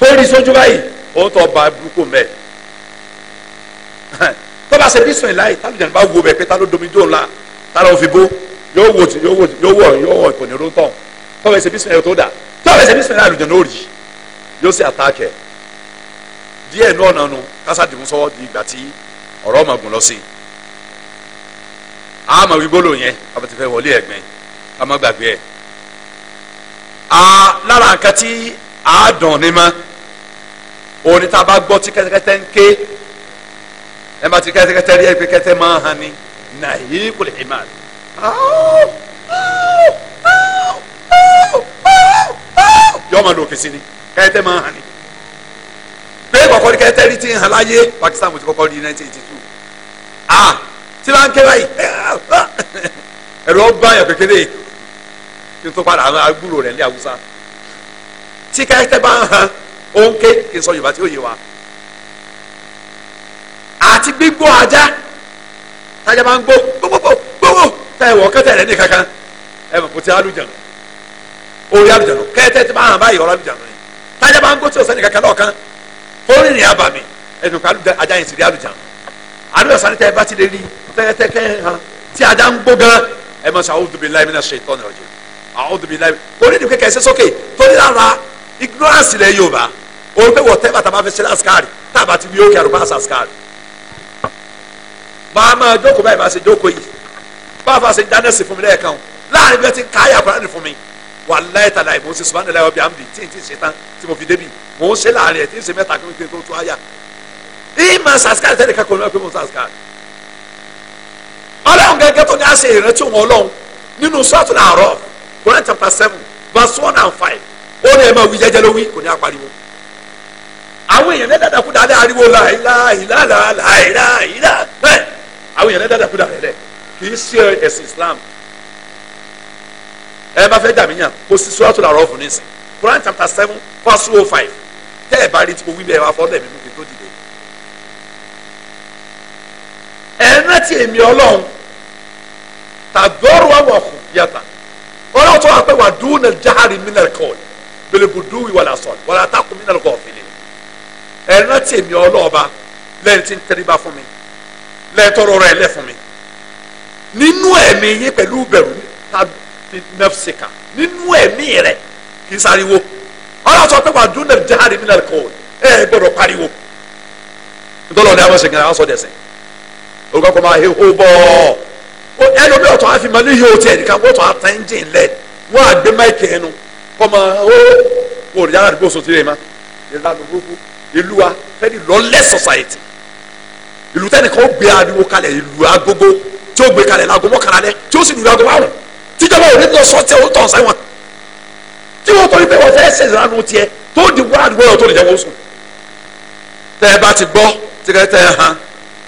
tó rí sójú báyìí ó tọ́ ba burúkú mẹ́ẹ̀ tó bá ṣe bísùn ìlà yìí tálẹ̀ jẹ̀nìbá wo bẹ̀ pé tá ló domi jó ńlá tá ló fi bó yóò wò tí yóò wò tí yóò wọ̀ yóò wọ̀ kò ní ró tán tó bá ṣe bísùn ìlà tó dà tó bá ṣe bísùn ìlà àlùjọ náà rì yóò ṣe àtàkẹ́ díẹ̀ náà nànú kásá dìbò sọ́wọ́ di ìgbà tí ọ̀rọ̀ ọmọ gùn lọ sí i a máa wí gbólóhùn yẹn abẹ́tí wọlé ẹ̀gbẹ́ a máa gbàgbé ẹ̀ a lára nǹkan tí a dàn ní ma òní tá bá gbọ́ tí kẹ́tẹ́kẹ́tẹ́ ń ké ẹ bá ti kẹ́tẹ́kẹ́tẹ́ rí ẹ pé kẹ́tẹ́ máa hàn ní nàìjí kò lè má rí. yọ́ọ́ máa lo òkè sí ni kẹ́tẹ́ máa hàn ní. pé kọ̀kọ́ ní kẹ́tẹ́ rí ti hàn láyé Pakistan mo ti kọ́kọ́ rí nineteen eighty two ah tí wọ́n á ń ké báyìí ẹ̀rọ bá yàn kékeré kí n tó padà agbúrò rẹ̀ ní Haúsá tí kẹ́tẹ́ bá ń Yorùbá tí ó yé wa àti gbígbó ajá tájà bá ń gbó gbogbogbò gbogbo táyà wọ̀ kẹ́tẹ́ rẹ̀ ní kankan ẹ mọ̀ kò ti orí alùjàn nù kẹ́tẹ́ bá hàn báyìí ọ̀rọ̀ alùjàn nù ni tájà bá ń gbó tí o sẹ́ni kankan lọ́ọ̀kan tó rìnrìn àbàmì ẹnu kọ ajá yẹn ti rí alùjàn àdúrà sani tẹ ẹ bá ti lè rí tẹ́kẹ́tẹ́kẹ́ hàn tí ajá ń gbó gan ẹ mọ̀ sọ a'udhu billahi minash shaitani rajim a'udhu billahi orí ni kékeré ṣe sókè torí lára ignorance rẹ yóò bá o pé wọ́n tẹ́ bàtà màá máa jókòó báyìí màá ṣe jókòó yìí bá a fa ṣe dáná sí fún mi lẹ́ẹ̀kan o láàrin bí wọ́n ti ń káyà kúránì fún mi wàláhì tàláhì mò ń ṣe subahana láyọ̀ bí i àmì tí n ti ṣe tán tí mo fi débi mò ń ṣe láàrin ẹ̀ tí n ṣe mẹ́ta kí n tó tó àyà ìmọ̀ sàṣkàrì tẹ́lẹ̀ kakọ̀ ní wọ́n pé mo sàṣkàrì ọlọ́run gẹ́gẹ́ tó ní àṣẹ ìrántí wọn ọlọ́run nínú sọ́ọ̀tún àárọ̀ Quran chapter seven verse one and five ó ní ẹ máa wí jẹ́jẹ́ ló wí kò ní apariwo àwọn èèyàn ní dàdàkú dáadáa ariwo láìláìláìláìláìláìláì àwọn èèyàn dáadáa kú dàrẹ́ lẹ̀ kì í ṣe ẹ̀sìn Islam ẹ bá fẹ́ dàmíyàn kó sì sọ́ra tó la rọ́ọ̀fù ní ìsìn Quran chapter seven verse two oh five tẹ́ ẹ bá rí tí mo wí bẹ́ẹ̀ wá fọ́ lẹ́mìí mú kí n tó dìde. ẹ rántí èmi ọlọ́run tàdọ́rù àwọn ọ̀kùn yàtà ọlọ́run tó wà pé wà dùn náà jáhàrì mínà kọ́ọ̀d bẹ̀lẹ̀bùdù ìwà làásọ̀ wà látàkùn mínà kọ́ọ̀fìlì ẹ rántí èmi ọlọ́ọ̀ba lẹ́yìn tí ń tẹ́rí bá fún mi lẹ́tọ́rọ̀ rẹ̀ lẹ́fun mi nínú ẹ̀mí yín pẹ̀lú bẹ̀rù nafsika nínú ẹ̀mí rẹ̀ kì í sáriwo ọlọ́run sọ pé wà á dún náà jáde nínú ẹ̀kọ́ ẹ̀ gbọ́dọ̀ pariwo ntọ́lọ́ ní àwọn ṣe gẹ̀rẹ́ àwọn sọ dẹ̀sẹ̀ orúkọ kọ́ máa heho bọ́ ẹnu bí ọ̀tọ̀ àfi máa níyì òtí ẹ̀dìkan wọ́n tọ́ àtẹ̀ ń jìn lẹ̀ wọ́n àgbé máìkì ẹnu kọ́ máa ó wọ́n rí society ìlú tẹ́nìkan ó gbé ariwo kalẹ̀ ìlú agogo tí ó gbé kalẹ̀ lago mọ́kànlá lẹ tí ó sì lù lago márùn tíjọba ò ní lọ sọ tí ó tàn sáwọn tí wọ́n torí pé wọ́n fẹ́ ṣe ìlànà tiẹ̀ tó di wọ́n àdúgbò yọ̀ tó lè jẹ́ wọ́n sùn. tẹ́ ẹ bá ti gbọ́ tí kẹ́ tẹ́ ẹ hàn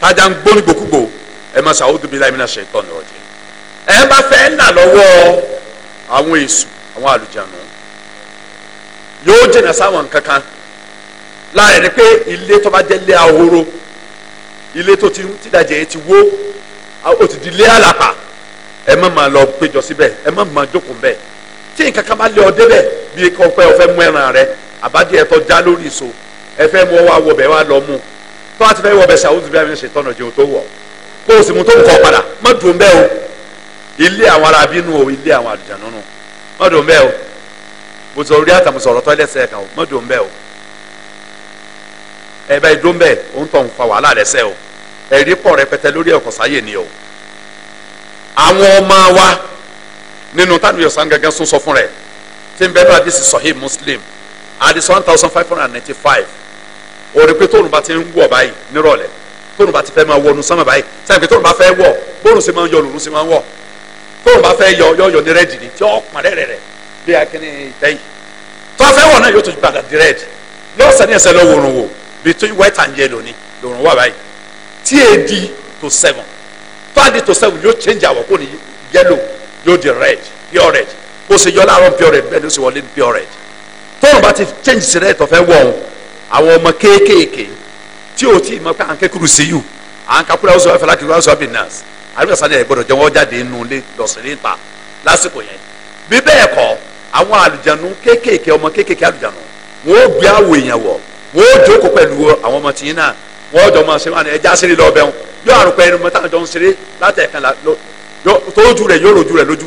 tájà ń gbóni gbòkúgbò ẹ máa ṣàwùdù bíi láìmínà ṣe tọ́ nìrọ̀ jẹ́ ẹ bá fẹ́ nà lọ́wọ́ àwọn èṣù àwọn àlùjánu yóò jìnnà sáwọn kankan láàrin pé ilé tó bá jẹ́ lé ahoro ilé tó ti ń tìdajẹ ti wó ó ti di ilé àlàpà ẹ má máa lọ péjọ síbẹ̀ ẹ má máa jókòó bẹ́ẹ̀ tí nǹkan kan bá lé ọ débẹ̀ bí kọ́pẹ́ ọ fẹ́ mú ẹran rẹ àbájẹ ẹ̀tọ́ já lórí ìso ẹ fẹ́ mú ọ wá wọbẹ̀ wá lọ mú tó a ti fẹ́ wọbẹ̀ sàwùjù bí abẹ́rẹ́ ṣe tọ́nà jẹun tó wọ̀ kó o sì mú tó ń kọ́ padà má dùn bẹ́ẹ̀ o ilé àwọn ará bínú o ilé àwọn àlùjánu nù má dùn bẹ́ẹ̀ o mo sọ orí àtàmùsọ̀rọ̀ tọ́lẹ̀ sẹ́ẹ̀ kan o má dùn bẹ́ẹ̀ o ẹ bá dúró mbẹ òun tọ̀ ń fa wàhálà lẹ́sẹ̀ o ẹ̀rí pọ̀ rẹpẹtẹ lórí ẹ̀kọ́ sáyè ni o àwọn ọmọ wa nínú tánu yọ̀sán gángan sún sọ fún rẹ̀ tí n bẹ́ẹ̀ bá àdìsí sọ̀hí muslim àdìsí one thousand five hundred and ninety five òòrùn pé tóòrùn bá ti ń wọ̀ báyìí nírọ̀lẹ́ tóòrùn bá ti fẹ́ máa wọnú sánmà báyìí sẹ́yìn pé tóòrùn bá fẹ́ wọ̀ bóòrùn sì máa ń yọ lòrùn sì máa ń wọ̀ tóòrùn bá fẹ́ yọ yọ yọ ní rẹ́ẹ̀dì ni tí ó pọn rẹ́ẹ̀rẹ́ rẹ̀ bí akínní ìtẹ́yìn tó a fẹ́ wọ̀ náà yóò tún gbàgàdì rẹ́ẹ̀dì yóò sẹ́ni ẹ̀sẹ̀ lọ́wọ́rùn wò between white and yellow ni lòrùn wà báyìí tí to seven TAD to seven yóò change àwọ̀ kò ní yellow yóò di red pure red bó ṣe yọ láàárọ̀ pure red bẹ́ẹ̀ ló ṣe wọlé pure red tóun bá ti change sí red tó fẹ́ wọ̀ ọ́n àwọn ọmọ kéékèèké tí o ti mọ pé à ń kékeré sí yù à ń kakúrẹ́ ọ̀sọ̀ ẹ̀fẹ̀ lákìlú ọ̀sọ̀ bí nọ́ọ̀sì àdúgbò sani ẹ̀ gbọ́dọ̀ jẹ́ wọ́n jáde nù lé lọ́sẹ̀lẹ̀ ta lásìkò yẹn bí bẹ́ẹ̀ kọ́ àwọn àlùjánu kéékèèké ọmọ kéékèèké àlùjánu wọ́n gbé àwọ̀ èèyàn wọ̀ wọ́n ó jókòó pẹ̀lú àwọn ọmọ tìyín náà wọ́n jọ máa ṣe wọn ẹja ṣeré lọ́ọ́ bẹ́ẹ̀ wọn yóò àrùn pẹ̀lú ọmọ táwọn jọ ń ṣeré látẹ̀kan tójú rẹ̀ yóò rojú rẹ̀ lójú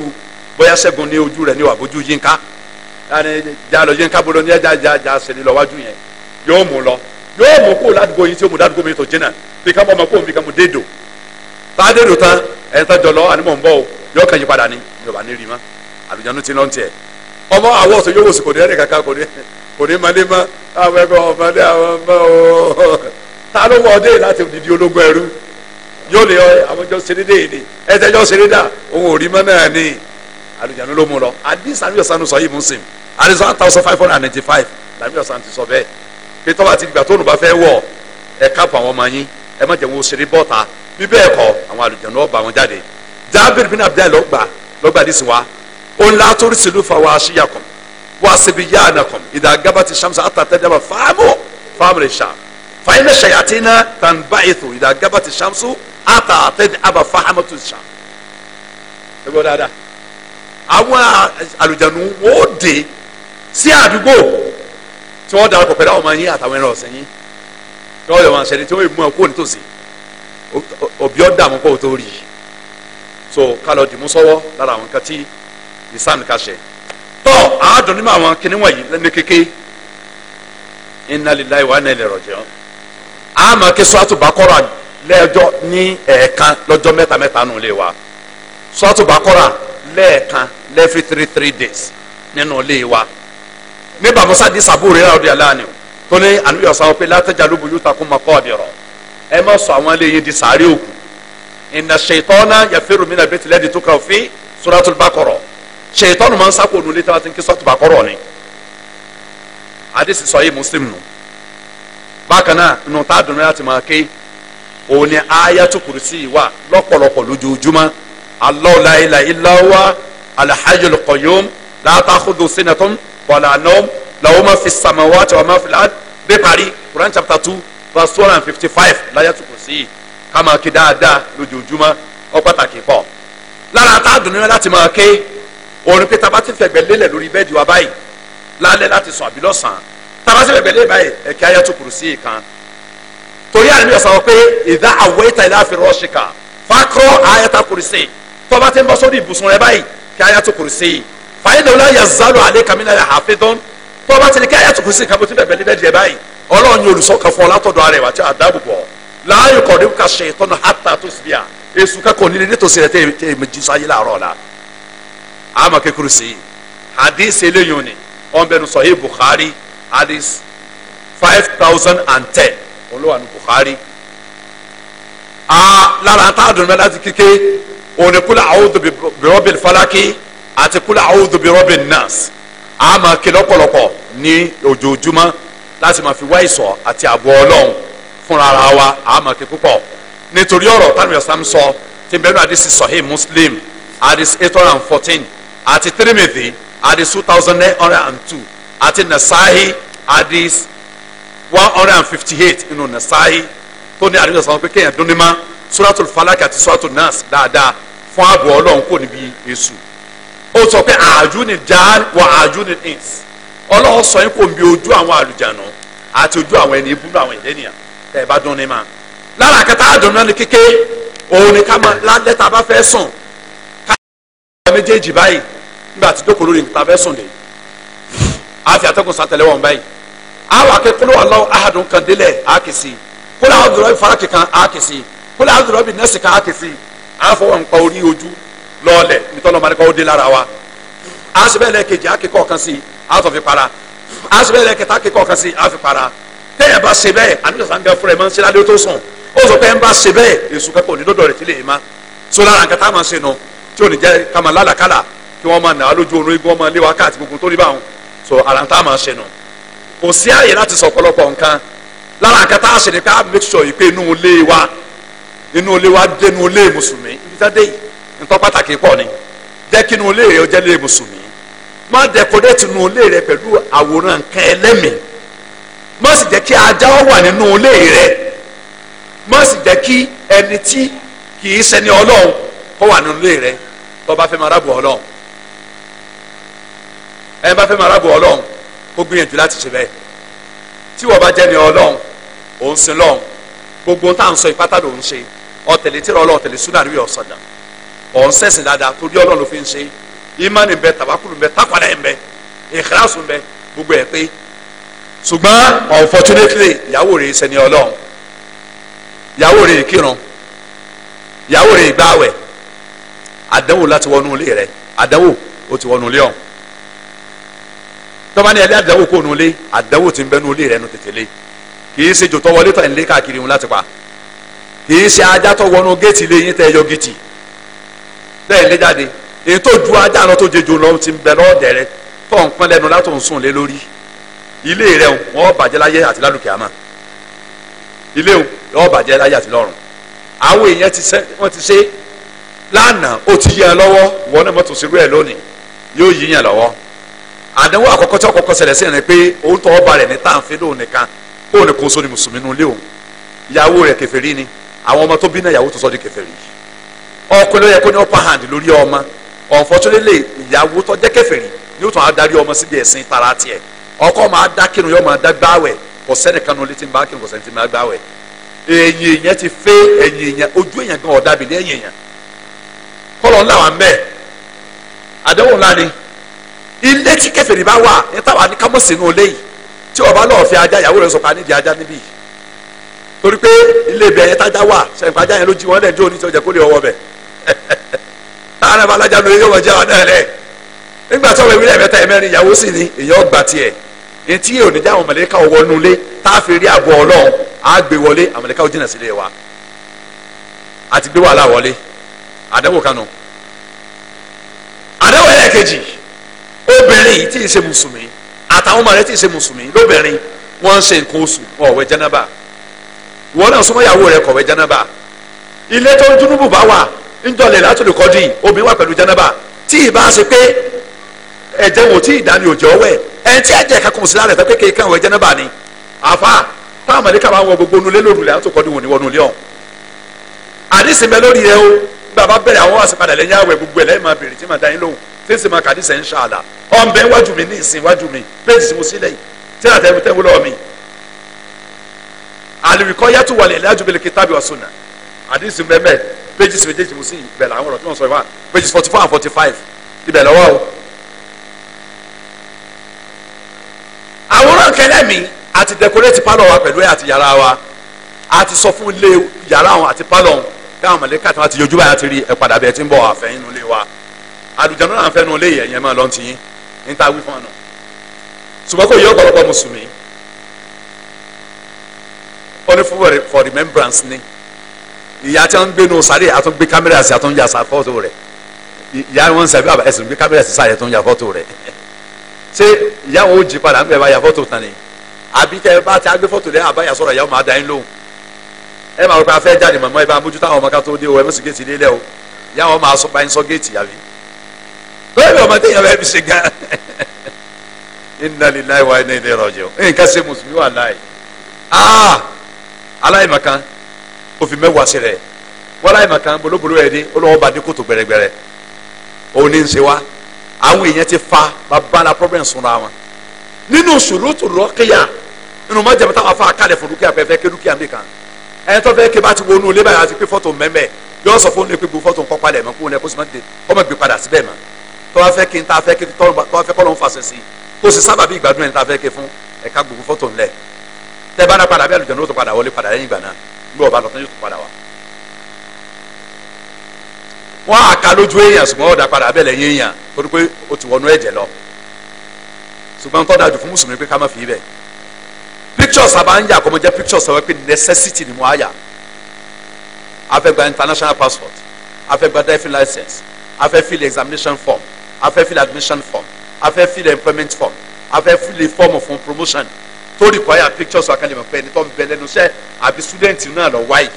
bóyá sẹ́gun ní ojú rẹ̀ ní wà bójú yínká já lọ yínká bolo ní ẹja já já ṣeré lọ wájú yẹn yóò mú lọ yóò mú kó ládùúgbò yín tí ó mú ládùúgbò mi tó jìnnà bí ká mọ̀ ọmọ kó ọmọ àwọn ọ̀sẹ̀ yóò wò sí kò ní ẹnì kankan kò ní kò ní malé má àwọn ẹgbẹ́ ọmọ ní àwọn ọmọ ooo ta ló wọ ọdẹ láti dìdí ológun ẹrú yóò lè ọ àwọn jọ ṣeré dé èdè ẹsẹ jọ ṣeré dà òun ò rí mọ́ náà ni àlùjáde ló mú lọ àdìs àmìyọ̀sánu sọ yìí Muslim àdìs one thousand five hundred and ninety five làmìyọ̀sánu ti sọ bẹ́ẹ̀ pé tọ́ba ti gbà tóun bá fẹ́ wọ̀ ẹ̀ káàpọ̀ àwọn ọmọ yín ẹ má jẹun òṣèré bọ́ta bí bẹ́ẹ̀ kọ́ àwọn àlùjáde ọba wọn jáde Jábìrì bin Abdullahi lọ́gbà lọ́gbà àdìs wa ó la turisulu fa wa asiyakum wa sibiyanakum idha gabati shamsu hatta tadaba faamu faamu le sham fa inna shayatina tanbaithu idha gabati shamsu hatta tadaba faamu tu sham. ẹ gbọ́ dáadáa àwọn àlùjánu wọ́n ó de sí àdúgbò tí wọ́n darapọ̀ pẹ̀lú àwọn ọmọ yín àtàwọn ẹran ọ̀sìn yín tí wọ́n yọ wọn àṣẹni tí wọ́n mú ẹ kó nítòsí òbí ọ̀dà mú kó o tó rí so kálọ̀ dìmú sọ́wọ́ lára àwọn kan lisan ka ṣe tọ́ àádọ́ nínú àwọn kìnìún wọ̀nyí lẹ́nu kéke inna lillahi wa inna ilaihi raji'un a máa ké sọ́ọ́tù bákọ́rà lẹ́ẹ̀jọ́ ní ẹ̀ẹ̀kan lọ́jọ́ mẹ́ta mẹ́ta nù lé wa sọ́ọ́tù bákọ́rà lẹ́ẹ̀kan lẹ́ẹ̀fì three three days nínú lé wa ní bàbáṣá di sàbúrò rẹ̀ ọ̀dẹ̀ aláàánú tó ní àníyàn sáwọn pé látẹ̀jà ló bójú takùn mọ́ kọ́ ọ̀dẹ̀ rọ̀ ẹ má sọ àwọn eléyìí di sàárẹ̀ òkú inna shaytana yafiru mina bẹ́tẹ̀lẹ́dì tó kà ó fi suratul baqara ṣètọ́nù máa ń sáko nulẹ̀ tí wọ́n ti ń kí sọ́ọ̀tù bàkọ́rọ̀ ni àdìsí sọ yìí muslim nù bákan náà nù tá a dùn láti máa ké òun ni ayatu kursi wà lọ́pọ̀lọpọ̀ lójoojúmọ́ Allahu la ilaha illa huwa alhayyul qayyum la ta'khudhu sinatun wala nawm lahu ma fi samawati wa ma fi al-ard dé parí Quran chapter two verse two hundred and fifty five láyatu kursi ká máa ké dáadáa lójoojúmọ́ ó pàtàkì pọ̀ lára tá a dùn láti ké òun pé tá a bá ti fẹ̀gbẹ́ lélẹ̀ lórí bẹ́ẹ̀dì wa báyìí lálẹ́ láti sùn àbí lọ́sàn-án tá a bá ti fẹ̀gbẹ́ lélẹ̀ báyìí ẹ̀kẹ́ ayatu kursi kan torí àná yọ̀ sọ pé ìdá àwẹ̀ta ìlà firashika fákọ́ ayata kursi tó bá ti ń bọ́ sórí ibùsùn rẹ báyìí kí ayatu kursi fàyè lọ́wọ́ yà zálù alẹ́ kàmínà yà hafidun tó bá ti ní kí ayatu kursi kan bó ti fẹ̀gbẹ́ lélẹ̀ díẹ̀ báyìí ọlọ́run yóò lùsọ kan fún ọ látọ̀dọ̀ ara ìwà tí a bọ̀ láàyò kọ̀ọ̀dé ká ṣe ìtọ́nà hàtà tó sì bíà èsù kẹ́kọ̀ọ́ nílé nítòsí rẹ̀ tẹ́ ẹ̀ méjì sáyé láàárọ̀ la ama ke kurusi hadith eléyìí ni wọn bẹnu sọ hey Bukhari hadith five thousand and ten olúwa ni Bukhari a lára tá a dùn mẹ́ láti kíké òní kúlẹ̀ bi rabbil falaki ati kula a'udhu bi rabbin nas a máa ké lọ́pọ̀lọpọ̀ ní ojoojúmọ́ láti máa fi wá ìṣọ́ àti ààbò ọlọ́run fúnra ara wa a máa ké púpọ̀ nítorí yasam sọ tí bẹ́ẹ̀ ní hadith sahih Muslim hadith eight hundred and fourteen àti tirimidi hadith two thousand nine hundred and two àti nasahi hadith one hundred and fifty eight nínú nasahi tó ní àdéhùn sọ pé kéèyàn dún ní ma suratul falak àti suratul nas dáadáa fún ààbò ọlọ́run kò níbi èṣù ó sọ pé àájú ni jan wọ àájú ni ins ọlọ́run sọ yín kò ń bi ojú àwọn àlùjáná àti ojú àwọn ẹni ibùdó àwọn ìdẹ́nìyàn tẹ̀ bá dún ní ma lára kẹta àdùnnà ni kéke òun ni ká máa lẹ́tà bá fẹ́ sùn ká máa lọ méjèèjì báyìí nígbà tí jókòó lórí nǹkan fẹ́ sùn dé àfi àtẹkùn sátẹlẹ wọn báyìí àwọn akẹkọọ ọlọwọ ahadùn kan délẹ àkèsí kólà àdúrà ìfarakì kan àkèsí kólà àdúrà bí nẹẹsì kan àkèsí àfọwọ́ nǹkan orí ojú lọ́ọ̀lẹ̀ nítorí ọmọdé kan ó dé lára wa àṣìbẹ̀lẹ̀ kejì akẹkọọ kan sí àtọ̀fi para àṣìbẹ̀lẹ̀ kẹta akẹkọọ kan sí àfi para tẹ́yà bá ṣe bẹ́ẹ̀ àdúgbò sàn gẹ fúnra ẹ̀ máa ń ṣe ládé tó sùn ó sọ pé ń bá ṣe bẹ́ẹ̀ èṣù kẹ́kọ̀ọ́ ní lọ́dọ̀ rẹ̀ tí lè má so lára nǹkan kí wọ́n máa nà á lójú oorun igun ọmọ ilé wa káàtì gbogbo tó rí báwọn so ara a máa ṣe nù kò sí àyè láti sọ ọ̀pọ̀lọpọ̀ nǹkan lára nǹkan tá a ṣe ni ká make sure yìí pé inú ilé wa inú ilé wa dé inú ilé mùsùlùmí ibi tá a dé yìí nǹkan pàtàkì pọ̀ ni jẹ́ kí inú ilé rẹ jẹ́ ilé mùsùlùmí má decorate inú ilé rẹ pẹ̀lú àwòrán nǹkan ẹlẹ́mìí má sì jẹ́ kí ajá wà nínú ilé rẹ má sì jẹ́ kí ẹni tí kì í ṣẹni ọlọ́run kó wà nínú ilé rẹ tó bá fẹ́ máa rábò ọlọ́run ẹ bá fẹ́ máa rábò ọlọ́run kó gbìyànjú láti ṣe bẹ́ẹ̀ tí wọ́n bá jẹ́ ni ọlọ́run òun sin lọ́run gbogbo tá à ń sọ ìpátá ló ń ṣe ọ̀tẹ̀lẹ̀ tí ọlọ́run ọ̀tẹ̀lẹ̀ súnà rí ọ̀sọ̀dà ọ̀n sẹ̀sìn dáadáa torí ọlọ́run ló fi ń ṣe ìmánì ń bẹ tàbákùlù ń bẹ tápàdà ń bẹ ìkíláàsù ń bẹ gbogbo ẹ̀ pé unfortunately ìyàwó rẹ̀ ṣe ni ọlọ́run ìyàwó rẹ̀ kírun ìyàwó rẹ̀ gbààwẹ̀ àdánwò láti wọnú ilé rẹ̀ àdánwò ó ti wọnú ilé ọ̀hún tọ́ba ní ẹlẹ́ àdáwò kò nulẹ̀ àdáwò ti ń bẹ́nu olè rẹ̀ nu tètè lé kìí ṣe jòtọ́ wọlé tọ̀ nílé káàkiri wọn láti pa kìí ṣe ajá tó wọnú géètì lé yín tẹ́ ẹyọ gidi tẹ́ lé jáde èyí tó ju ajá lọ tó jẹjọ lọ ti ń bẹ lọ́ọ̀dẹ̀ rẹ tó ń pọ́n lẹ́nu látò ń sùn lé lórí ilé rẹ wọn bàjẹ́ láyé àti lálùkẹ́ àmà ilé wọn bàjẹ́ láyé àti lọ́run àwọn èèyàn ti ṣe wọ́n àdánwò àkọ́kọ́ tí ọkọ̀ọ̀kọ́ ṣẹlẹ̀ sí ẹni pé òun tọ́ ọba rẹ̀ ní tàǹfẹ́ lóun nìkan ó ní kóso ni mùsùlùmí nulẹ̀ òun ìyàwó rẹ̀ kèfèrí ni àwọn ọmọ tó bí náà ìyàwó tó sọ di kèfèrí ọkọ ló yẹ kó ní upper hand lórí ọmọ unfortunately ìyàwó tó jẹ́ kèfèrí ni ó tún á darí ọmọ síbi ẹ̀sìn tara tiẹ̀ ọkọ máa dá kírun yọ máa dá gbáwẹ̀ kò sẹ́nìkan nu létí bá kírun kò sẹ́nìkan gbáwẹ̀ ẹ̀yìn èèyàn ti fẹ́ ẹ̀yìn èèyàn ojú èèyàn gan ọ̀dàbí ní ẹ̀yìn èèyàn kọ́lọ́ ńlá wa ń bẹ́ẹ̀ àdéhùn ni ilé tí kèfèrí bá wà ní táwa ní kámọ́sì inú ilé yìí tí ọba lọ́ọ́ fi ajá ìyàwó rẹ̀ sọ̀pá nídìí ajá níbí torí pé ilé ibẹ̀ yẹn tájá wà sẹ̀ǹpá ajá yẹn ló jí wọn lẹ́ẹ̀dí òní tí ọjà kó lè ọwọ́ bẹ̀ táwọn ẹ̀fọ́ alájà lóye yóò wọ́n jẹ́ ọ̀nà rẹ̀ nígbà tí ọ̀wé wílẹ̀ mẹ́ta ẹ̀mẹ́rin ìyàwó sì ni èyàn gbà tiẹ̀ etí onídàá àwọn mọ̀lẹ́ka ọwọ́ nulẹ̀ tá a fi rí àbọ̀ ọlọ́run á gbé wọlé àwọn mọ̀lẹ́ka ó jìnà sílé wa àti gbé wàhálà wọlé àdánwò kanu àdánwò ẹlẹ́ẹ̀kejì obìnrin yìí tí ì ṣe mùsùlùmí àtàwọn ọmọ rẹ tí ì ṣe mùsùlùmí lóbìnrin wọ́n ń ṣe nǹkan oṣù ọ̀wẹ́ jẹ́nàbà ìwọ náà súnmọ́ ìyàwó rẹ kọ̀wẹ́ jẹ́nàbà ilé tó ń dúnúbù bá wà ńjọlẹ̀ látòlè kọ́dí obìnrin wà pẹ̀lú jẹ́nàbà tí ì bá ṣe pé ẹ̀jẹ̀ wò tí ì dání òjò ọwẹ́ ẹni tí ẹ̀jẹ̀ kankan sí lára ẹ̀ pé kéèké ọ̀wẹ́ jẹ́nàbà ni àfa táwọn mọ̀lẹ́kà máa wọ gbogbo nulẹ̀ ni wọn nulẹ̀ ọ̀hún àdìsí mẹ lórí rẹ o bàbá bẹ̀rẹ̀ àwọn àṣepadà lẹ́yìn àwẹ̀ gbogbo ẹ̀ lẹ́yìn máa tẹsí ma kàdí sẹ ń ṣàlà ọmọbẹ wájú mi ní ìsìn wájú mi péjì mo sílẹ̀ yìí tí a tẹ̀wé tẹ̀wé lọ́wọ́ mi. àlùkò yàtú wà lẹ́lẹ́ àjùbẹ̀lẹ̀ kitabi wa sunna àdìsí mẹ́mẹ́ péjì sí méjèèjì mo sì bẹ̀rẹ̀ àwọn ọ̀rọ̀ tí wọ́n sọ wá péjì forty four and forty five ibẹ̀ lọ́wọ́ o. àwòrán kẹlẹ́ mi àti dẹkọrẹ́tì pálọ̀ wa pẹ̀lú ẹ̀ àti yàrá wa àti sọ fún ilé yàrá wọn àti pálọ̀ wọn káwọn mọ̀lẹ́kà tí wọ́n ti yọjú báyà ti rí àlùjáná náà fẹ́ nu lé yẹ yẹn máa lọ ti yín ní ta wí fún ọ nù ṣùgbọ́n kò yẹ ọ̀pọ̀lọpọ̀ mùsùlùmí ó ní for remembrance ni ìyá tí wọn ń gbé nu sáré àtún gbé kámẹ́rà sí àtún yàsà fọ́tò rẹ̀ ìyá wọn ń sẹ́bí ẹ̀sìn gbé kámẹ́rà sí sáré àtún yà fọ́tò rẹ̀ ṣé ìyá wọn ó jí padà ń bẹ̀ bá yà fọ́tò tán ni àbí tẹ bá ti agbé fọ́tò rẹ̀ àbáyà sọ̀rọ̀ ìyá wọn máa da yín lóhùn ẹ máa rò pé afẹ́ jáde màmá ẹ bá mójútó àwọn ọmọ ká tó dé o ẹ mọ̀ sí géètì lélẹ̀ o ìyá wọn máa sọ báyìí sọ géètì àbí bẹ́ẹ̀ni ọmọ tẹ̀yàn bẹ́ẹ̀ fi ṣe gan inna lillahi wa inna ilayhi raji'un nǹkan ṣe mùsùlùmí wà láàyè aa ah! aláìmọ̀kan òfin mẹ́wàá sí rẹ̀ wọ́n aláìmọ̀kan bolóbolo ẹ̀ dé olówó bá dé kòtò gbẹrẹgbẹrẹ òun ní ń ṣe wá àwọn èèyàn ti fa babala problem sunra wọn nínú ṣòrótò rọ́kìyà nínú mọ́jàmọ́ táwọn afa kalẹ̀ fún dúkìá fẹ́ẹ́ fẹ́ dúkìá mi kan ẹni tó fẹ́ ké bá ti wọnú lébàá àti pé fọ́tò mẹ́mẹ́ yọ sọ fún un ní pé gbogbo fọ́tò ń kọ́ palẹ̀ mọ́ kó o lẹ kó o sì má dé ọmọ gbé padà síbẹ̀ mọ́ tó bá fẹ́ kí n ta fẹ́ kí tó bá fẹ́ kọ́ ló ń fàṣẹ sí kó sì sábà bí ìgbádùn ẹni ta fẹ́ kí fún ẹ̀ka gbogbo fọ́tò ńlẹ̀ tẹ́ bá dá padà bí àlùjànnú tó padà wọlé padà lẹ́yìn ìgbà náà bí ọba lọ́tún yóò tó padà wá. wọ́n á ka lójú èèyàn ṣùgbọ́n ọ̀dà padà bẹ́ẹ̀ lẹ́yìn èèyàn torí pé o ti wọnú ẹ̀jẹ̀ lọ ṣùgbọ́n tó dájú fún mùsùlùmí pé ká má fi bẹ́ẹ̀ pictures àbá ń yà kọ́ mo jẹ́ pictures ọ̀wẹ́ pé necessity ni mo á yà afẹ́gbà international passport driving license afẹ́ fill examination form a fẹ́ fill admission form a fẹ́ fill employment form a fẹ́ fill form fún promotion tó require pictures wa kan lè mọ̀ pé ẹni tó ń bẹ lẹ́nu iṣẹ́ àbí student náà lọ wáyé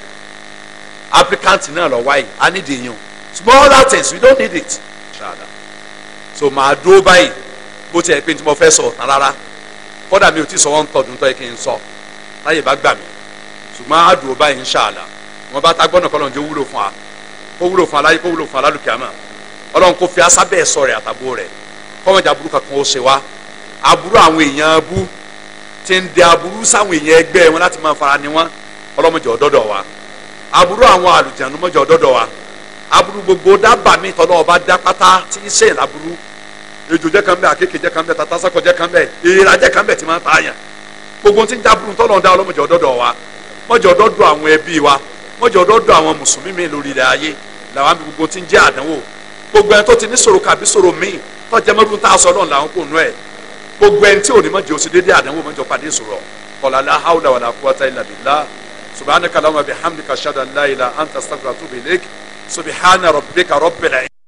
applicant náà lọ wáyé i need èèyàn small things we don't need it so màá dúró báyìí bó tiẹ̀ pé tí mo fẹ́ sọ ọ̀tá rárá kódà mi ò tí sọ wọn tọdún tó yẹ kí n sọ láyè bá gbà mí ṣùgbọ́n á dúró báyìí ṣáàdà wọn bá tá gbọ́dọ̀ kọ́ lọ́njẹ́ wúlò fún wa kó wúlò fún aláyé kó wúlò fún alálùkìá náà. ọlọ́run kò fi asá bẹ́ẹ̀ sọ rẹ̀ àtàbó rẹ̀ kọ́mọ̀jà burú kankan ṣe wá aburú àwọn èèyàn abú ti ń de aburú sáwọn èèyàn ẹgbẹ́ wọn láti máa fara ni wọn ọlọ́mọdé ọdọ́dọ̀ wa aburú àwọn àlùjánu mọ́jọ ọ̀dọ́dọ̀ wa aburú gbogbo dábàá mi tọ́lọ́ ọba dá pátá tí ń ṣe ìlàburú ejò jẹ́ kan bẹ́ẹ̀ jẹ́ kan bẹ́ẹ̀ tatasakọ jẹ́ kan bẹ́ẹ̀ èèrà jẹ́ kan bẹ́ẹ̀ máa ń tààyàn gbogbo tí ń tọ́lọ́ dá wa mọ́jọ àwọn ẹbí wa mọ́jọ àwọn mùsùlùmí gbogbo ẹni tó ti ní ṣòro kàbí ṣòro míì tó jẹ́ mọ́dún tá a sọ náà làwọn kò nú ẹ̀ gbogbo ẹni tí ò ní mọ̀jẹ̀ òsì dédé àdánwò mọ̀jọ pàdé ìṣòro ọ̀la la hawla wàlà quwwata illa billah subhanaka allahumma bihamdika ashhadu an ilaha anta astaghfiruka wa atubu ilaik subhana rabbika rabbil